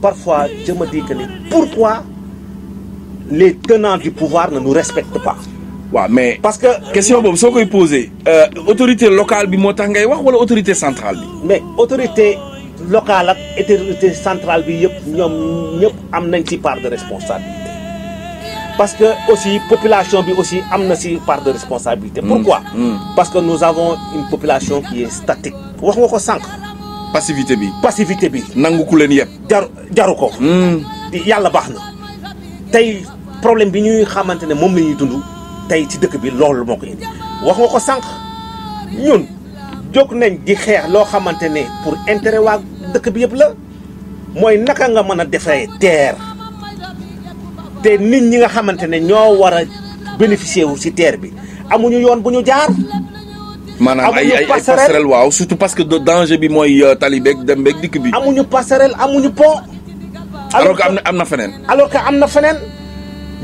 parfois, je me dis que pourquoi les tenants du pouvoir ne nous respectent pas mais parce que question boobu vous poser, euh, autorité locale bi l'autorité autorité centrale mais autorité locale et autorité centrale bi yëpp part de responsabilité. parce que aussi population bi aussi am part de responsabilité. Hmm. pourquoi. Hmm. parce que nous avons une population qui est statique. wax passivité bi. passivité bi. nangu ku leen yëpp. jaru jaru ko. Hmm. yàlla baax na tey problème bi ñuy xamante ne moom la ñuy dund tey ci dëkk bi loolu moo ko indi wax nga ko sànq ñun jóg nañ di xeex loo xamante ne pour intérêt waa dëkk bi yëpp la mooy naka nga mën a defee teer te nit ñi nga xamante ne ñoo war a bénéficier wu si teer bi amuñu yoon bu ñu jaar. maanaam ay ay passerelle waaw surtout parce que danger bi mooy talibeeg dem beeg dikk bi. amuñu passerelle amuñu pont. alors que amna fenen? am na feneen. alors que am na feneen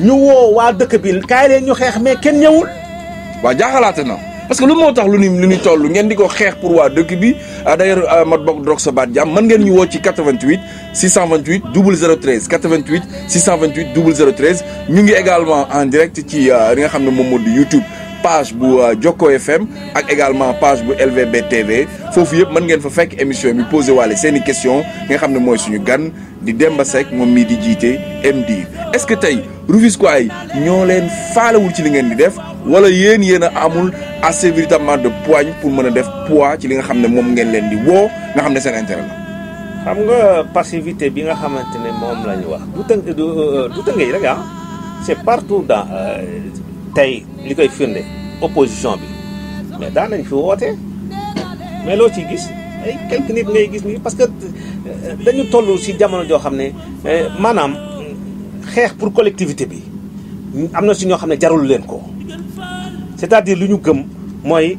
ñu woo waa dëkk bi kaay leen ñu xeex mais kenn ñëwul. waa jaaxalaate na parce que lu moo tax lu ni lu ni toll ngeen di ko xeex pour waa dëkk bi ah, d'ailleurs euh, mat bokk drog sa baat jàmm mën ngeen ñu woo ci 88 628 0013 88 628 0013 ñu ngi également en direct ci euh, li nga xam ne di YouTube. page bu euh, Joko FM ak également page bu LVB TV foofu yëpp man ngeen fa fek émission mi poser waale seen question nga xam moy suñu gan di Demba Seck moom mii di jiite MD. est-ce que tay Rufisquois yi ñoo leen faalewul ci li ngeen di def wala yeen yéen amul assez véritablement de poigne pour mën def poids ci li nga xam mom ngeen leen di wo nga xam ne seen intérêt la. xam nga passivité bi nga xamante mom lañ wax du tënk du tënkee rek ah c'est partout dans. Euh, tay li opposition bi mais fi mais lo ci gis ay quelques nit ngay gis parce que euh, dañu tollu ci jamono jo ne euh, xex pour collectivité bi que ci ño jarul ko c'est-à-dire que ñu gëm moy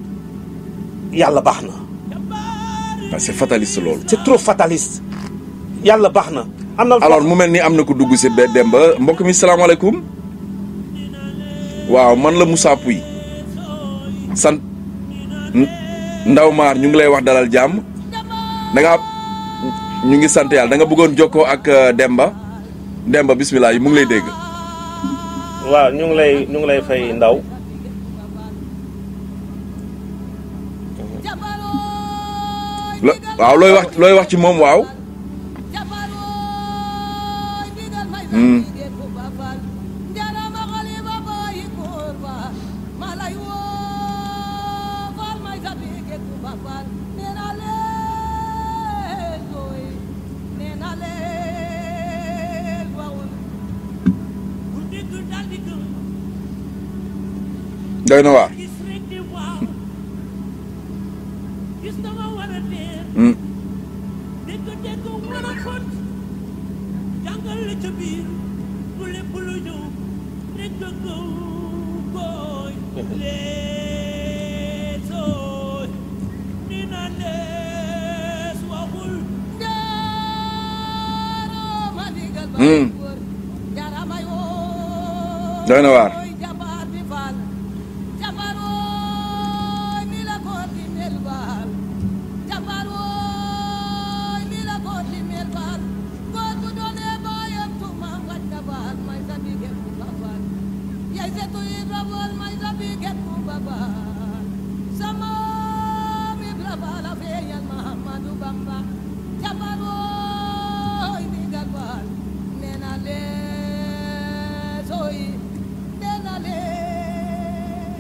yalla baxna ah, c'est fataliste l'ol, c'est trop fataliste yalla baxna amna alors mu que ni ko dugg Demba que mi alaykoum. waaw man la Moussa Pouy sant ndaw maar ñu ngi lay wax dalal jàmm da nga ñu ngi sant yàlla da nga bëggoon jokkoo ak euh, Demba Demba bismillah yi mu ngi lay dégg. waaw ñu ngi lay ñu ngi lay fay ndaw. waaw looy wax looy wax ci moom waaw. doy na waar hmm. Hmm. Hmm. doy na waar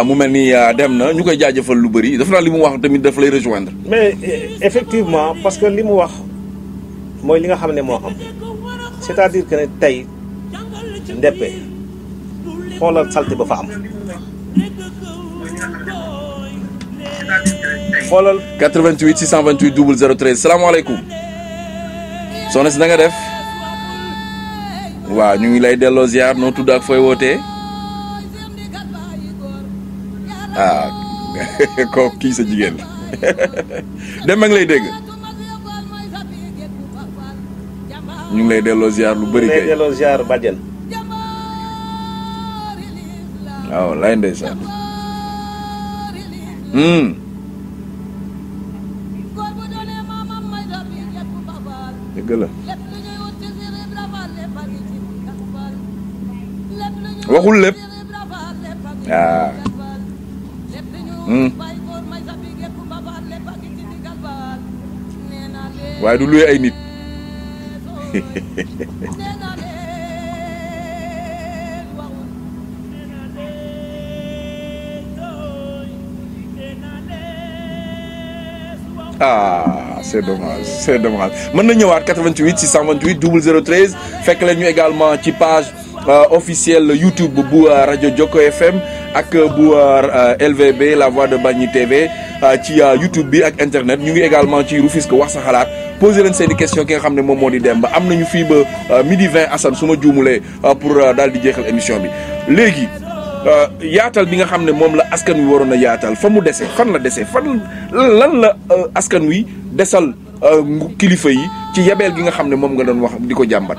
voilà mu mel euh, dem na ñu koy jaajëfal lu bëri def naa li mu wax tamit daf lay rejoindre. mais euh, effectivement parce que li mu wax mooy li nga xam ne am c' à dire que ne tey ndeppe xoolal salte ba fa am. xoolal. 88 628 0013 salaamaaleykum. soxna si na nga def. waaw ñu ngi lay delloo ziar noo tudd ak fooy wootee. Koki ah, kooku kii sa jigéen la dem ma lay dégg ñu lay delloo ziar lu bëri kay delloo ziar bàjjen waaw oh, lay ndeysaan hmm dëgg la waxul lépp ah Hmm? ah c'est dommage c'est dommage Maintenant, nous avons 88 628 0013 que que ñu également ci page euh, officielle YouTube bu euh, Radio Djoko FM. ak bu euh, LVB la voix de Bargny TV euh, ci euh, YouTube bi ak internet ñu ngi également ci Rufisque wax sa xalaat poser leen seen i question ki nga xam ne moom moo di dem ba am nañu fii ba midi 20 Assane suma ma juumulee pour daal di jeexal émission bi léegi yaatal bi nga xam ne moom la askan wi waroon a yaatal fa mu dese fan la dese fan lan la askan wi desal kilifa yi ci yabeel gi nga xam ne moom nga doon wax di ko jàmbat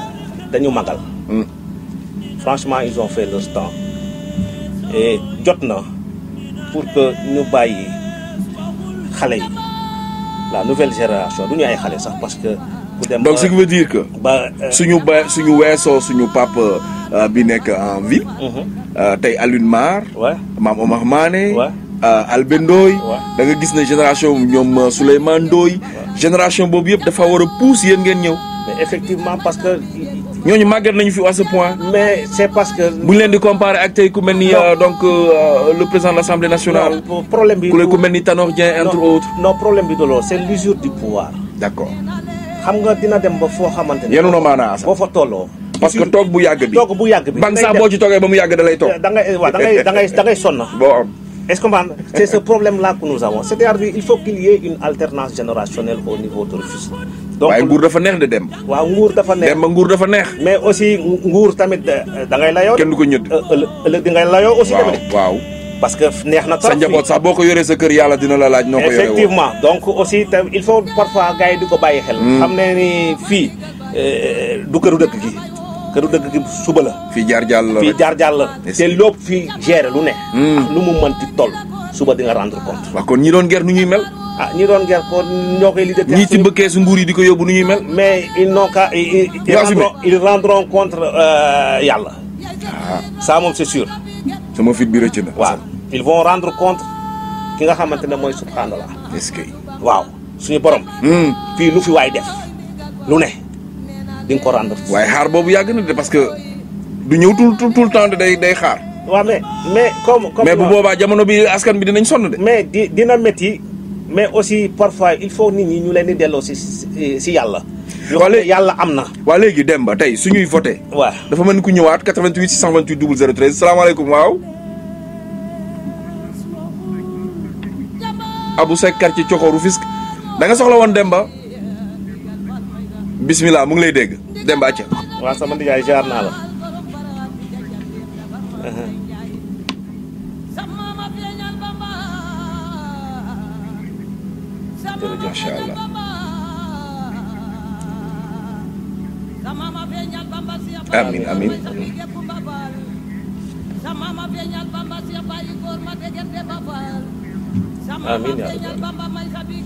dañu magal. Hmm. franchement ils ont fait leur temps et jot na pour que ñu bàyyi xalé yi la nouvelle génération duñu ay xalé sax parce que. pour dem donc ce qui veut dire que. ba euh, suñu ba suñu wesso suñu papa euh, bi nek en ville. Mhm. Euh, tey Alioune Mar. mam Mame Omar Mané. Albé Ndoye da nga gis ne génération ñom Souleymane doy génération boobu yëpp dafa war a pousse yéen ngeen ñëw. mais effectivement parce que ñooñu màggat nañu fi à ce point. mais c'est parce que. bu ñu leen di comparer ak tey ku mel ni. Euh, donc euh, euh, le président de l' assemblée nationale. problème bi ku mel ni Tanor Dieng entre autres. non problème bi de loolu c' est l' usure du pouvoir. d' accord. xam nga dina dem ba foo xamante ne. yenu na maanaa sax boo fa tolloo. parce que toog bu yàgg bi toog bu yàgg bi. bang saa boo ci toogee ba mu yàgg da lay toog. da ngay waaw da ngay da ngay da ngay sonn. bon. Est-ce qu'on va... C'est ce problème-là que nous avons. C'est-à-dire qu'il faut qu'il y ait une alternance générationnelle au niveau de l'office. donc waaye nguur dafa neex de dem. waaw nguur dafa neex nguur dafa neex. mais aussi nguur tamit euh, da ngay layoo. kenn du ko ñëdd euh, ëllëg ngay layoo. aussi tamit waaw parce que neex na. trop sa njaboot sax boo ko yoree sa kër yàlla dina la laaj. noo ko yoree effectivement donc aussi tam il faut parfois gars yi di ko bàyyi xel. Hmm. xam ne nii fii euh, du këru dëkk ki këru dëkk gi suba la. fii jaar jàll la fii jaar jàll la. te fii gérer lu ne. Hmm. ak nu mu mënti toll. suba di nga rendre compte. waaw kon ñi doon guerre nu ñuy mel. ah ñi doon guerre kon ñoo koy. liggéey ñii ci bëkkee su di ko yóbbu nu ñuy mel. mais ils n'ont qu'à compte euh, yàlla. waaw ah. ça moom c'est sûr. sama fit bi rëcc na. waaw ils vont rendre compte ki nga xamante ne mooy subhanallah. est-ce waaw suñu borom. Hmm. fii lu fi waay def lu ne di ko rendre. waay xaar boobu yàgg na de parce que du ñëw tout tout day day waaw mais mais comme. comme mais bu boobaa jamono bi askan bi dinañ sonn de. mais dina métti mais aussi parfois il faut nit ñi ñu leen di delloo si si yàlla. waa yàlla am na. waa léegi Demba tey su ñuy voté. waa dafa mën ku ñëwaat 88 628 0013 salaamaaleykum waaw. Abou Seck quartier Coxoru Fisk da nga soxla woon Demba bismillah mu ngi lay dégg Demba acca. waaw sama nijaay jaar naa la. jërëjëf incha allah. amiin amiin. amiin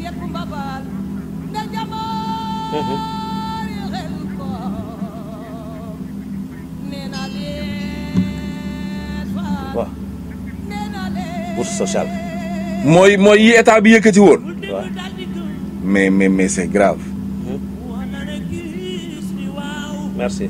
yaa rabbal. social. moi, il est habillé état bi tu mais mais mais c'est grave. merci.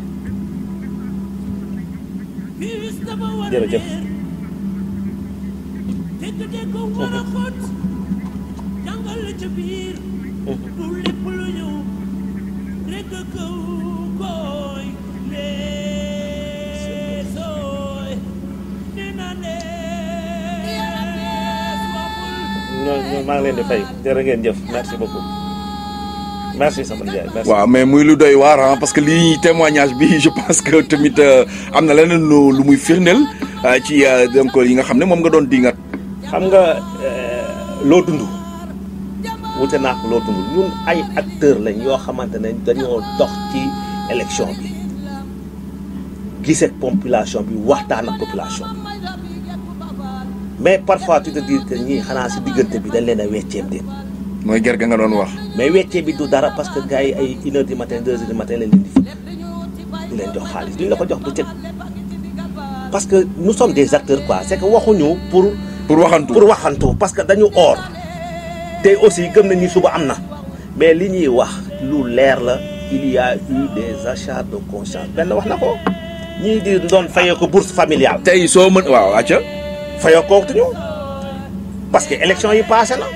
ñoo maa ngi leen di fay jërë ngeen jëf merci beaucoup merci Samba Ndiaye merci. waaw mais muy lu doy waar ah, parce que lii témoignage bi je pense que tamit euh, am na leneen lu muy firndeel euh, ci euh, donc yi nga xam ne moom nga doon dingat xam nga loo dund wute naa ko loo dund ñun ay acteurs lañ yoo xamante ne dañoo dox ci élection bi gisee population bi waxtaan ak population bi. mais parfois tu te dis que ñii xanaa si diggante bi dañ leen a wecceem mooy ger ga nga doon wax. mais weccee bi du dara parce que gars yi ay une heure du matin deux heures du matin lañ leen di fëgg du leen jox xaalis duñ la ko jox bëccëg parce que nous sommes des acteurs quoi c' que waxuñu pour. pour waxantu pour waxantu parce que dañu oor tey aussi gëm nañu suba am na mais li ñuy wax lu leer la il y a eu des achats de conscience benn wax na ko ñii di doon fayee ko bourse familiale. tey soo mën waaw acca fayakootuñu parce que élection yi passé na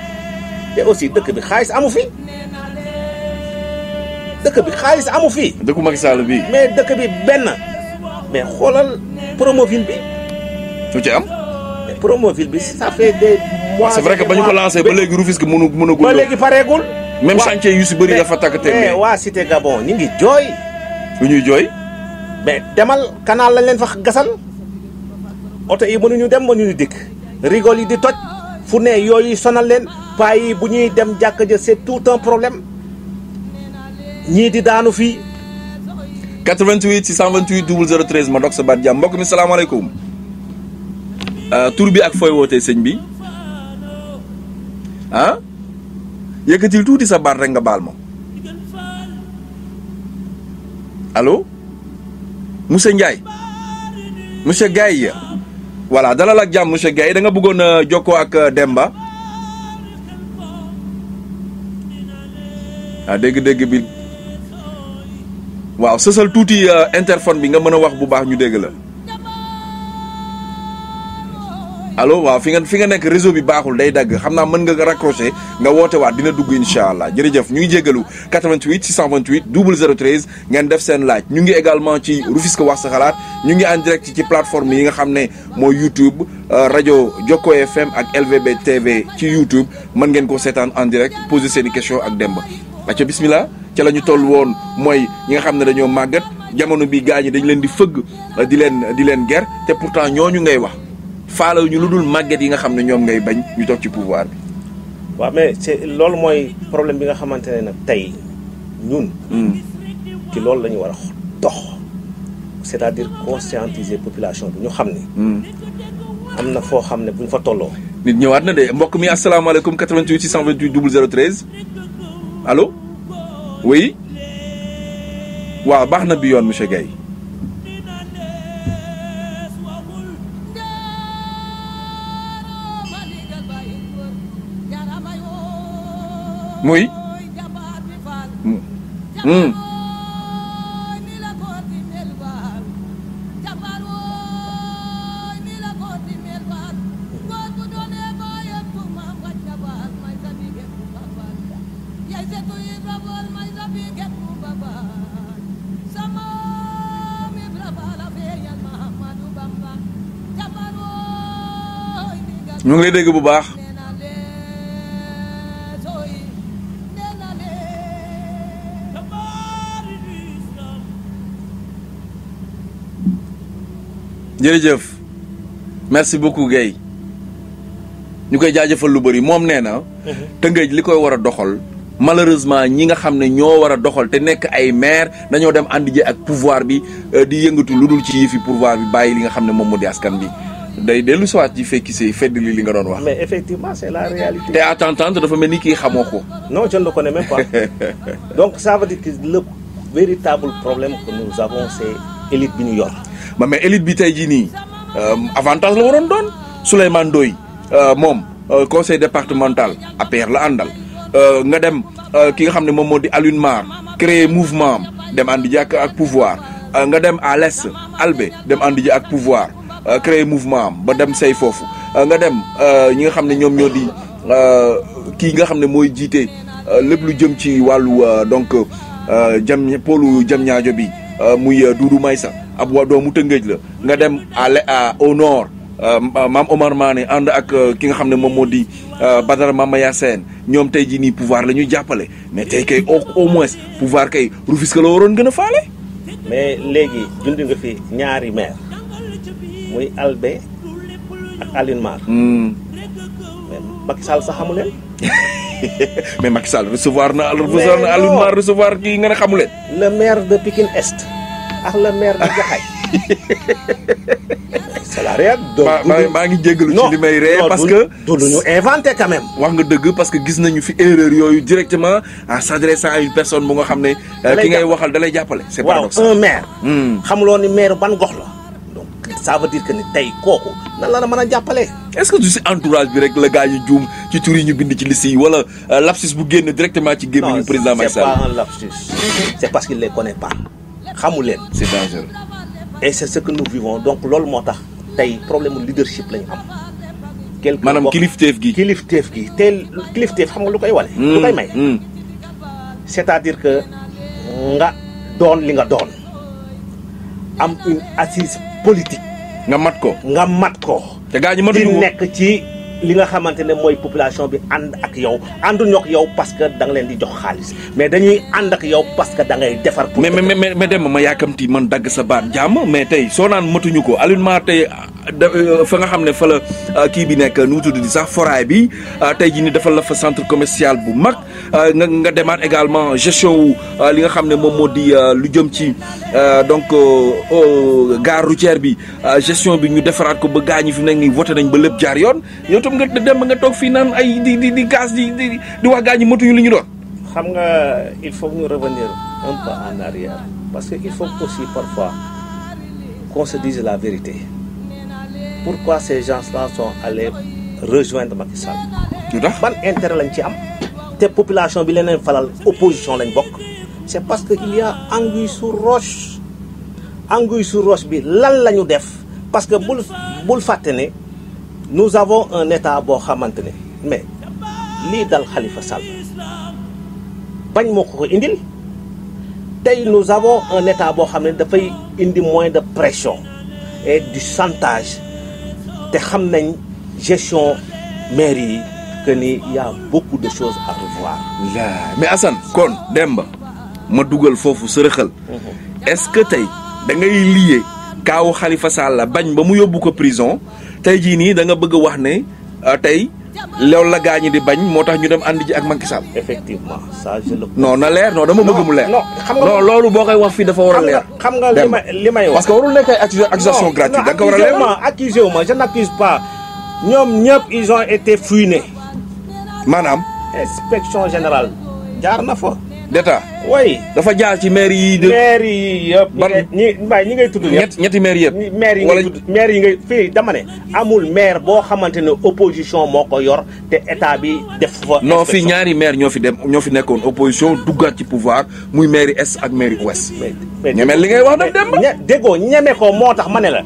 te aussi dëkk bi xaalis amu fi dëkk bi xaalis amu fi. dëkku Macky Sall bi mais dëkk bi benn mais xoolal promoville bi. su ci am. mais promoville bi ça fait des mois. c'est vrai que ba ñu ko lancé ba léegi Rufisque mënu mën a. ba léegi pareegul. même chantier yu si bëri dafa tàggatee. mais waa Cité Gabon ñu ngi jooy. lu ñuy jooy. mais demal kanaal lañ leen fa gasal. oto yi mënuñu dem mënuñu dikk rigol yi di toj fu ne yooyu sonal leen paa bu ñuy dem jàkk ja c'est tout un problème ñii di daanu fii 88 628 0013 ma dog sa baat jàmm mbokk mi salaamaaleykum euh, tur bi ak fooy wootee sëñ bi ah yëkkatil tuuti sa baat rek nga baal ma allo monsieur Ndiaye monsieur Gaye voilà dalal ak jàmm monsieur Guèye da bëggoon a euh, jokkoo ak euh, Demba ah dégg-dégg bi waaw sësal tuuti euh, interphone bi nga mën a wax bu baax ñu dégg la. allo waaw fi nga fi nga nekk réseau bi baaxul day dagg xam naa mën nga ko nga woote waat dina dugg incha allah jërëjëf ñu ngi jégalu 88 628 0013 ngeen def seen laaj ñu ngi également ci Rufisque wax sa xalaat ñu ngi en direct ci plateforme yi nga xam ne mooy YouTube euh, rajo Jokko FM ak LVB TV ci YouTube mën ngeen ko seetaan en direct poser seen i question ak Demba acca bismillah ca la ñu toll woon mooy ñi nga xam ne dañoo màggat jamono bi gars ñi dañ leen di fëgg di leen di leen ger te pourtant ñooñu ngay wax faalaw ñu lu magget yi nga xam ne ñoom ngay bañ ñu toog ci pouvoir bi. waaw mais c'est loolu mooy problème bi nga xamante ne nag tey ñun. Hmm. ci loolu la ñu war a dox. c'est-à-dire conscientiser population bi ñu xam ni. Hmm. am na foo xam ne bu ñu fa tolloo. nit ñëwaat na de mbokk mi asalaamaaleykum 88 628 0013 allo oui waaw baax na bi yoon monsieur Guèye. muy mm. mm. ñu ngi lay dégg bu baax merci beaucoup gay ñu koy na. malheureusement ñi nga xam ne ñoo doxal te nekk ay maire dañoo dem pouvoir bi euh, di yëngatu pouvoir bi li mais effectivement c'est la réalité. te dafa mel ni non je ne le connais même pas donc ça veut dire que le véritable problème que nous avons c'est élite bi ñu yor. ma mais élite bi tey jii nii euh, avantage la waroon doon Souleymane Ndoye euh, moom euh, conseil départemental APR la àndal nga dem ki nga xam ne moom moo di Alioune Mar créer mouvement am dem àndi ak ak pouvoir nga dem à l'est dem àndi ak pouvoir créer mouvement am ba dem say foofu nga dem ñi nga xam ne ñoom ñoo di kii nga xam ne mooy jiite lépp lu jëm ci wàllu donc jam pôlu bi muy Doudou Maïssa ab waa doomu Tëngéej la nga dem à a nord euh, maam Omar Mané ànd ak euh, ki nga xam ne moom moo di euh, Badara Mamaya Sène ñoom tey jii nii pouvoir la ñuy jàppale mais tey kay au au moins pouvoir kay Rufisque la waroon gën a faale. mais léegi dund nga fi ñaari maire muy Albé ak Alioune hmm. mais Macky Sall sax xamu leen. mais Macky Sall recevoir na. recevoir na recevoir kii nga ne xamu leen. le de Pikine Est. ak la mère de Jaxaay c'est la réalité maa ngi jéggalu ci li may parce que du ñu inventé quand même wax nga dëgg parce que gis nañu fi erreur yooyu directement en s'adressant à une personne bu nga xam ne euh, ki ngay waxal dalay jàppale c'est pas ça. un maire hmm. xamuloo ni maire ban gox la ça veut dire que ni tay kooku nan la la mën a est-ce que du si entourage bi rek le gars ñu juum ci tur yi ñu bind ci liste yi wala euh, lapsus bu génn directement ci gémmiñu président Macky Sall. c'est pas un lapsus. c'est parce qu'il les connaît pas xamu c'est dangereux. et c'est ce que nous vivons donc l'ol moo tax problème de leadership là. Madame am. quelque maanaam kilifteef gi kilifteef gi teel kilifteef xam nga wale. Mm, may. Mm. c'est-à-dire que nga don li nga doon am une assise politique. nga mat ko nga mat ko. te gaa ñi ci. li nga xamante ne mooy population bi ànd ak yow ànduñu yow parce que da leen di jox xaalis mais dañuy ànd ak yow parce que da ngay defar. pour me mais mais dem ma yàkkamti man dagg sa baat jàmm mais tey soo naan matuñu ko Alioune maa tey. Euh, fa nga xam ne fa la euh, kii bi nekk nu mu tudd sax foraay bi euh, tey jii ni defal la fa centre commercial bu mag nga nga demaat également gestion wu li nga xam ne moom moo di lu jëm ci donc gare routière bi gestion bi ñu defaraat ko ba gaañu fi mu nekk nii nañ ba lépp jaar yoon yow tam nga dem nga toog fii naan ay di di di gaz di di di wax gaañu matuñu li ñu doon. xam nga il faut ñu revenir un peu en arrière parce que il faut aussi parfois qu'on se dise la vérité pourquoi ces gens-là sont allés rejoindre Macky Sall. ban intérêt lañ ci am. te population bi leneen falal opposition c'est parce qu'il y a anguille sur roche anguille sur roche quest lan qu'on fait parce que bul bul nous avons un état à bord Mais, ce mais est dal Khalifa Sall bañ moo ko indil nous avons un état à xam ne dafay indi moins de pression et du chantage te xam nañ gestion mairie que ni y a beaucoup de choses à revoir. mais Assane kon Demba ma dougal fofu sërëxal mhm. est-ce que tay da ngay lié kaawu Khalifa Sall bagn ba mu yobou ko prison tay ji ni da nga bëgg wax ne euh, tay loolu la gaa ñi di bañ moo tax ñu dem ànd ji ak Macky Sall. effectivement ça je le. non na leer non dama bëgg mu leer. non xam nga non loolu boo koy wax fii dafa war a leer. xam nga li may li may wax parce que warul nekk ay accusation gratuite da nga ko war a leer non accusé wu ma je n'accuse pas ñoom ñëpp ils ont été fouinés. maanaam. inspection général jaar na fo d'état way dafa jaar ci maire yi. de maire yi ñi ngay maire yi maire yi ngay dama ne. amul maire bo xamante opposition moko yor te état bi def fa. non fi ñaari maire mairie dem fi opposition ci pouvoir muy maire est ak maire ouest. li ngay wax dem ko la.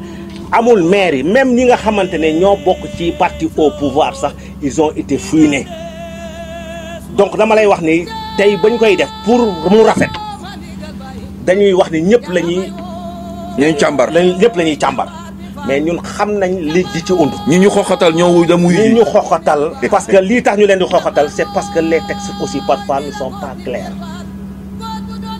amul maire même ñi nga xamante ñoo ci parti au pouvoir sax ils ont été fouinés donc dama lay wax ni tey bañ koy def pour mu rafet dañuy wax ni ñëpp lañuy ñuy. chambar càmbar ñëpp la ñuy mais ñun xam nañ li ci ci und. ñi ñu xoxatal ñoo dem wuyu ñu xoxatal parce que li tax ñu leen di xoxatal c'est parce que les textes aussi parfois ne sont pas clairs.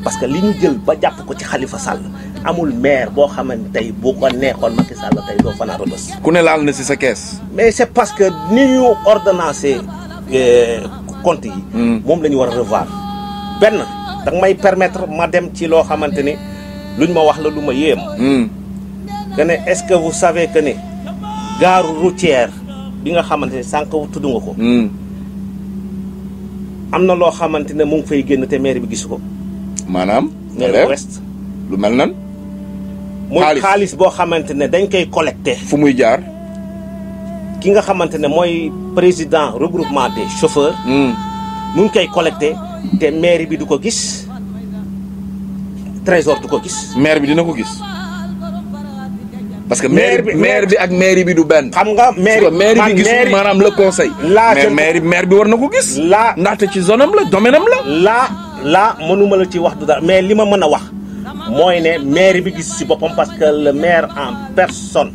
parce que li ñu jël ba japp ko ci Khalifa Sall amul maire bo xamante tey bu ko neexon Macky Sall tey do fanaan rëbës. ku ne laal na ci sa caisse mais c'est parce que ni ñu euh compte hmm. moom la war a revoir. benn da may permettre ma dem ci loo xamante ni luñ ma wax la lu ma yéem. Hmm. que ne est-ce que vous savez que ne gare routière bi nga xamante ne sànq tudd nga ko. Hmm. am na loo xamante ne mu ngi fay génn te maire bi gisu ko. maanaam. maire ouest lu mel nan. xaalis muy xaalis boo xamante ne dañ koy collecté. fu muy jaar. ki nga xamantene moy président regroupement des chauffeurs. Hmm. mu ngi koy collecté te maire bi du ko gis trésor du ko gis. maire bi dina ko gis. parce que maire bi maire bi ak maire bi du ben xam nga maire bi maire bi gisul maanaam le conseil. mais maire maire bi war na ko gis. laa ndaxte ci zone am la domaine am la. la laa mënuma la ci wax du dara mais lima ma wax moy né maire bi gis ci boppam parce que le maire en personne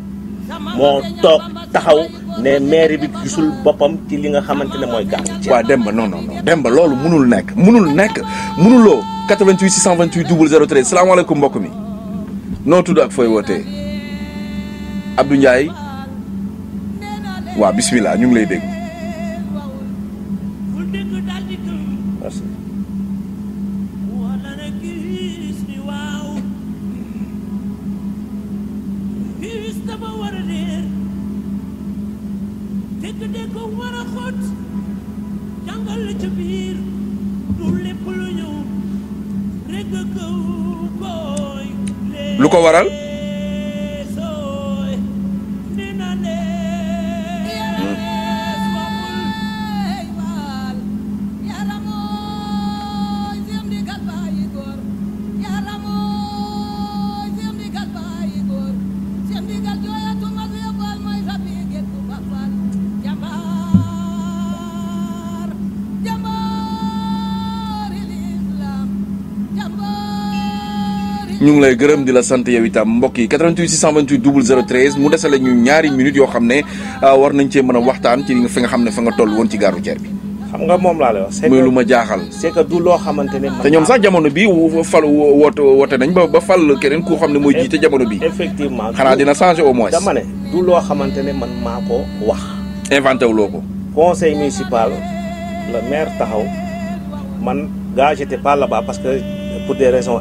mo tok taxaw ne maire bi gisul boppam ci li nga xamante ne mooy gàllankoor. waaw Demba non non non Demba loolu munul nekk munul nekk munuloo 88 628 0013 salaamaaleykum mbokk mi noo tudd ak fooy wootee Abdou Ndiaye waaw bisimilah ñu ngi lay dégg. ñu ngi lay gërëm di la sant yow itam mbokk yi 88 628 0013 mu desale ñu ñaari minutes yoo xam ne euh, war nañ cee mën a waxtaan ci fi nga xam ne fa nga toll woon ci gare routière bi. xam nga moom laa lay wax. lu ma jaaxal. c'est que loo xamante ne. te ñoom sax jamono bi fal woote woote nañ ba ba fal keneen ku xam ne mooy jiite jamono bi effectivement xanaa dina changer au moins. dama du loo xamante ne man maa ko wax. inventé wu loo ko. conseil municipal le maire taxaw man gaa j'étais pas là-bas que pour des raisons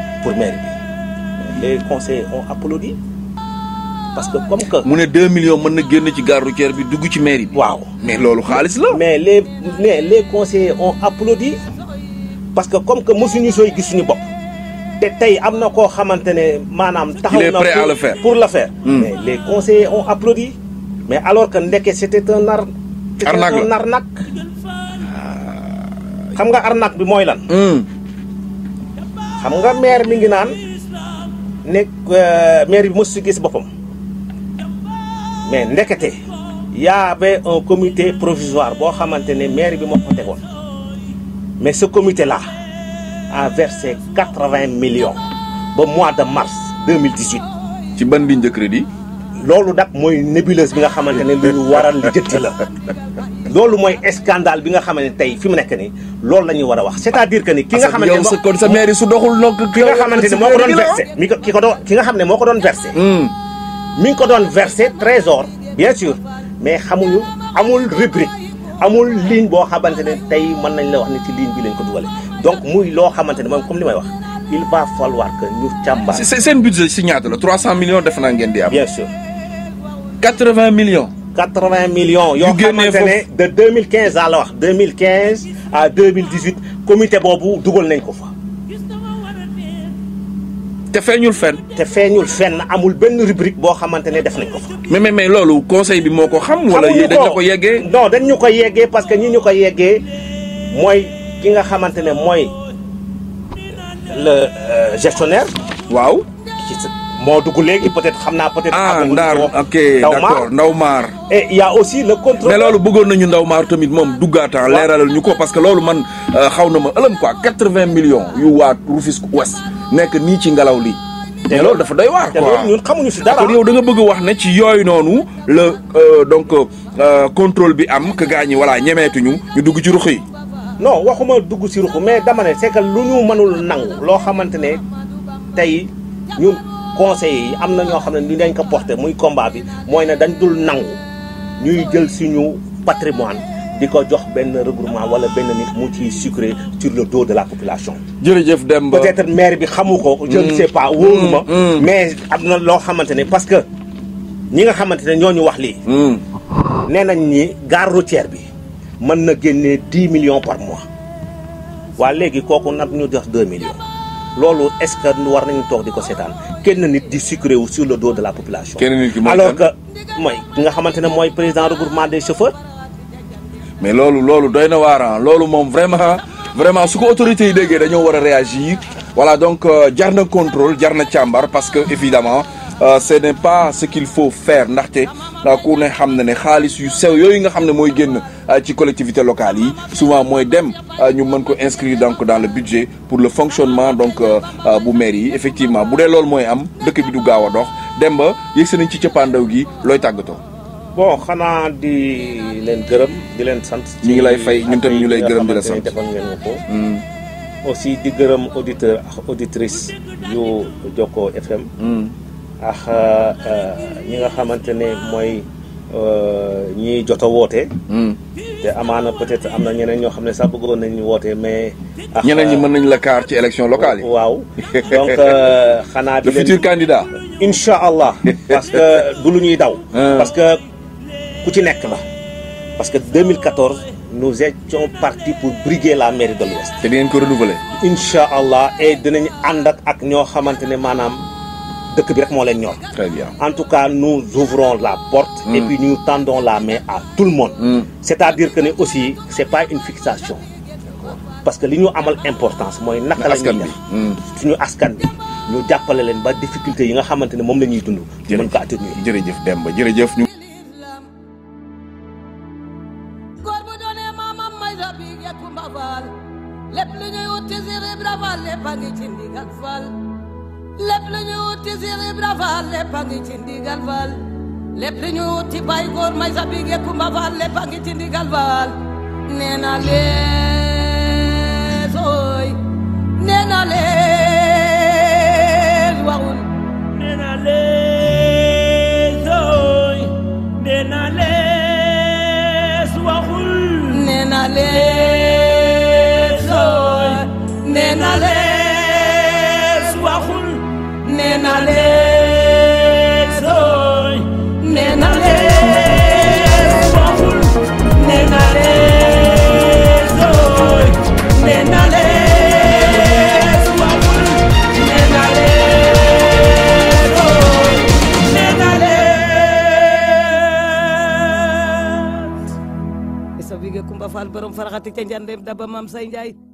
pour maire bi les conseillers ont applaudi parce que comme que. mu 2 millions mën guen ci gare routière bi dugg ci mairie bi. waaw mais lolu xaalis la. mais les mais les conseillers ont applaudi parce que comme que mosuñu soy gis suñu bopp te tey am na koo taxaw na pour le faire pour le faire. Hmm. mais les conseillers ont applaudi mais alors que ndeke c'était un ar. arnaque un arnaque. xam nga arnaque bi moy lan. Hmm xam nga maire mi ngi naan euh, maire bi mosu gis boppam mais ndekete y avait un comité provisoire boo xamante ne maire bi moo ko tegoon mais ce comité là a versé 80 millions ba mois de mars 2018. ci ban crédit. loolu nag mooy nébuleuse bi nga xamante ne lu ñu waral la. loolu mooy scandale bi nga xam ne tey fi mu nekk nii loolu la ñuy war a wax c'est-à-dire que ni ki nga xam ne sa kon sa mairie su doxul nokk ki nga xamante ne moo ko doon versé mi ko ki ko doon ki nga xam ne moo ko doon versé hmm. mi ngi ko doon versé trésor bien sûr mais xamuñu amul rubrique amul ligne boo xamante ne tey mën nañ la wax ni ci ligne bi lañ ko dugale donc muy loo xamante ne moom comme li may wax il va falloir que ñu càmbar seen budget si ñaata la 300 millions def naa ngeen di am bien sûr 80 millions 80 millions yoo de 2015 à 2015 à 2018 comité bobu dugal nañ ko fa. te feñul fenn. te feñul fenn amul benn rubrique bo xamantene def nañ ko fa. mais mais mais lolu conseil bi moko xam. wala dañ ko yeggee non dañ ñu ko yeggee parce que ñi ñu ko moi qui ki nga xamantene moy le euh, gestionnaire. waaw. moo dugg léegi peut-être xam naa peut-être. ah Ndar ok d'accord Ndaw Maar. et aussi la contrôle. mais loolu bëggoon nañu Ndaw Maar tamit moom duggaataan ah, leeralal ñu ko parce que loolu man euh, xaw na ma ëlëm quoi quatre-vingts millions yu waat Rufisque Ouest nekk nii ci ngelaw li te loolu dafa doy waar quoi te ñun xamuñu si dara. kon yow da nga bëgg wax ne ci yooyu noonu la euh, donc euh, contrôle bi am que gars ñi voilà ñemeetuñu ñu dugg ci ruq yi. non waxuma dugg si ruq mais dama ne c'est que lu ñu mënul nangu loo xamante ne tey conseillers yi am na ñoo xam ne ni dañ ko porté muy combat bi mooy ne dañ dul nangu ñuy jël suñu patrimoine di ko jox benn regroupement wala benn nit mu ciy sucré sur le dos de la population. jërëjëf Demba peut-être maire bi xamu ko. je ne mm. sais pas wóoru ma. Mm, mm, mais am na loo xamante ne parce que ñi nga xamante ne ñoo ñu wax lii. nee nañ ni gare routière bi mën na génnee 10 millions par mois waa léegi kooku nag ñu jox 2 millions. loolu est-ce que war nañu toog di ko seetaan kenn na nit di sucré wu sur le dos de la population. kenn nit ki mooy alors que mooy ki nga xamante ne mooy président regroupement de chauffeurs. mais loolu loolu doy na waaraan ah. loolu moom vraiment vraiment su ko autorité yi déggee dañoo war a réagir voilà donc euh, jar na contrôle jar na càmbar parce que évidemment Euh, ce n'est pas ce qu'il faut faire ndaxte la ne xam na ne xaalis yu sew yoy nga xamné moy génn euh, ci collectivité locale yi souvent moy dem euh, ñu mën ko inscrire donc dans le budget pour le fonctionnement donc bu maire yi effectivement bu dé l'ol moy am dëkk bi du gawa dox dem ba yëgsi nañ ci pandaw gi loy tàggatoo. bon xana di len gërëm di len sante ñu ngi lay fay ñun tamit ñu lay gërëm di la sante mm. aussi di gërëm auditeur auditrice yu joko FM. Mm. ak euh, euh, ñi nga xamante ne mooy euh, ñi jot a woote. Hmm. te amaana peut-être am na ñeneen ñoo xam ne sax bëggoon nañu woote mais. ak ñeneen ñi mën nañ la kaar ci élection locale yi. waaw donc xanaa. le futur candidat. incha allah parce que du lu ñuy daw. Hmm. parce que ku ci nekk la. parce que 2014 nous étions partis pour briguer la mairie de l'Ouest. te di ngeen ko renouveler. incha allah et dinañ ànd ak ñoo xamante ne maanaam. en tout cas nous ouvrons la porte. Hmm. et puis nous tendons la main à tout le monde. Hmm. c'est-à-dire que nous aussi c'est pas une fixation. parce que nous avons amal importance nous la nous hmm. suñu askan difficulté nous avons, Ibra Fall lépp a ngi ci ndigal Fall lépp li ñu ti bay góor may sa bige Kumba Fall a ngi ci ndigal Fall nee na lees ooy nee na lees waxul nee na lees ooy nee na lees waxul nee Fall borom faraxati ca Njandem Daba Maam Say Njaay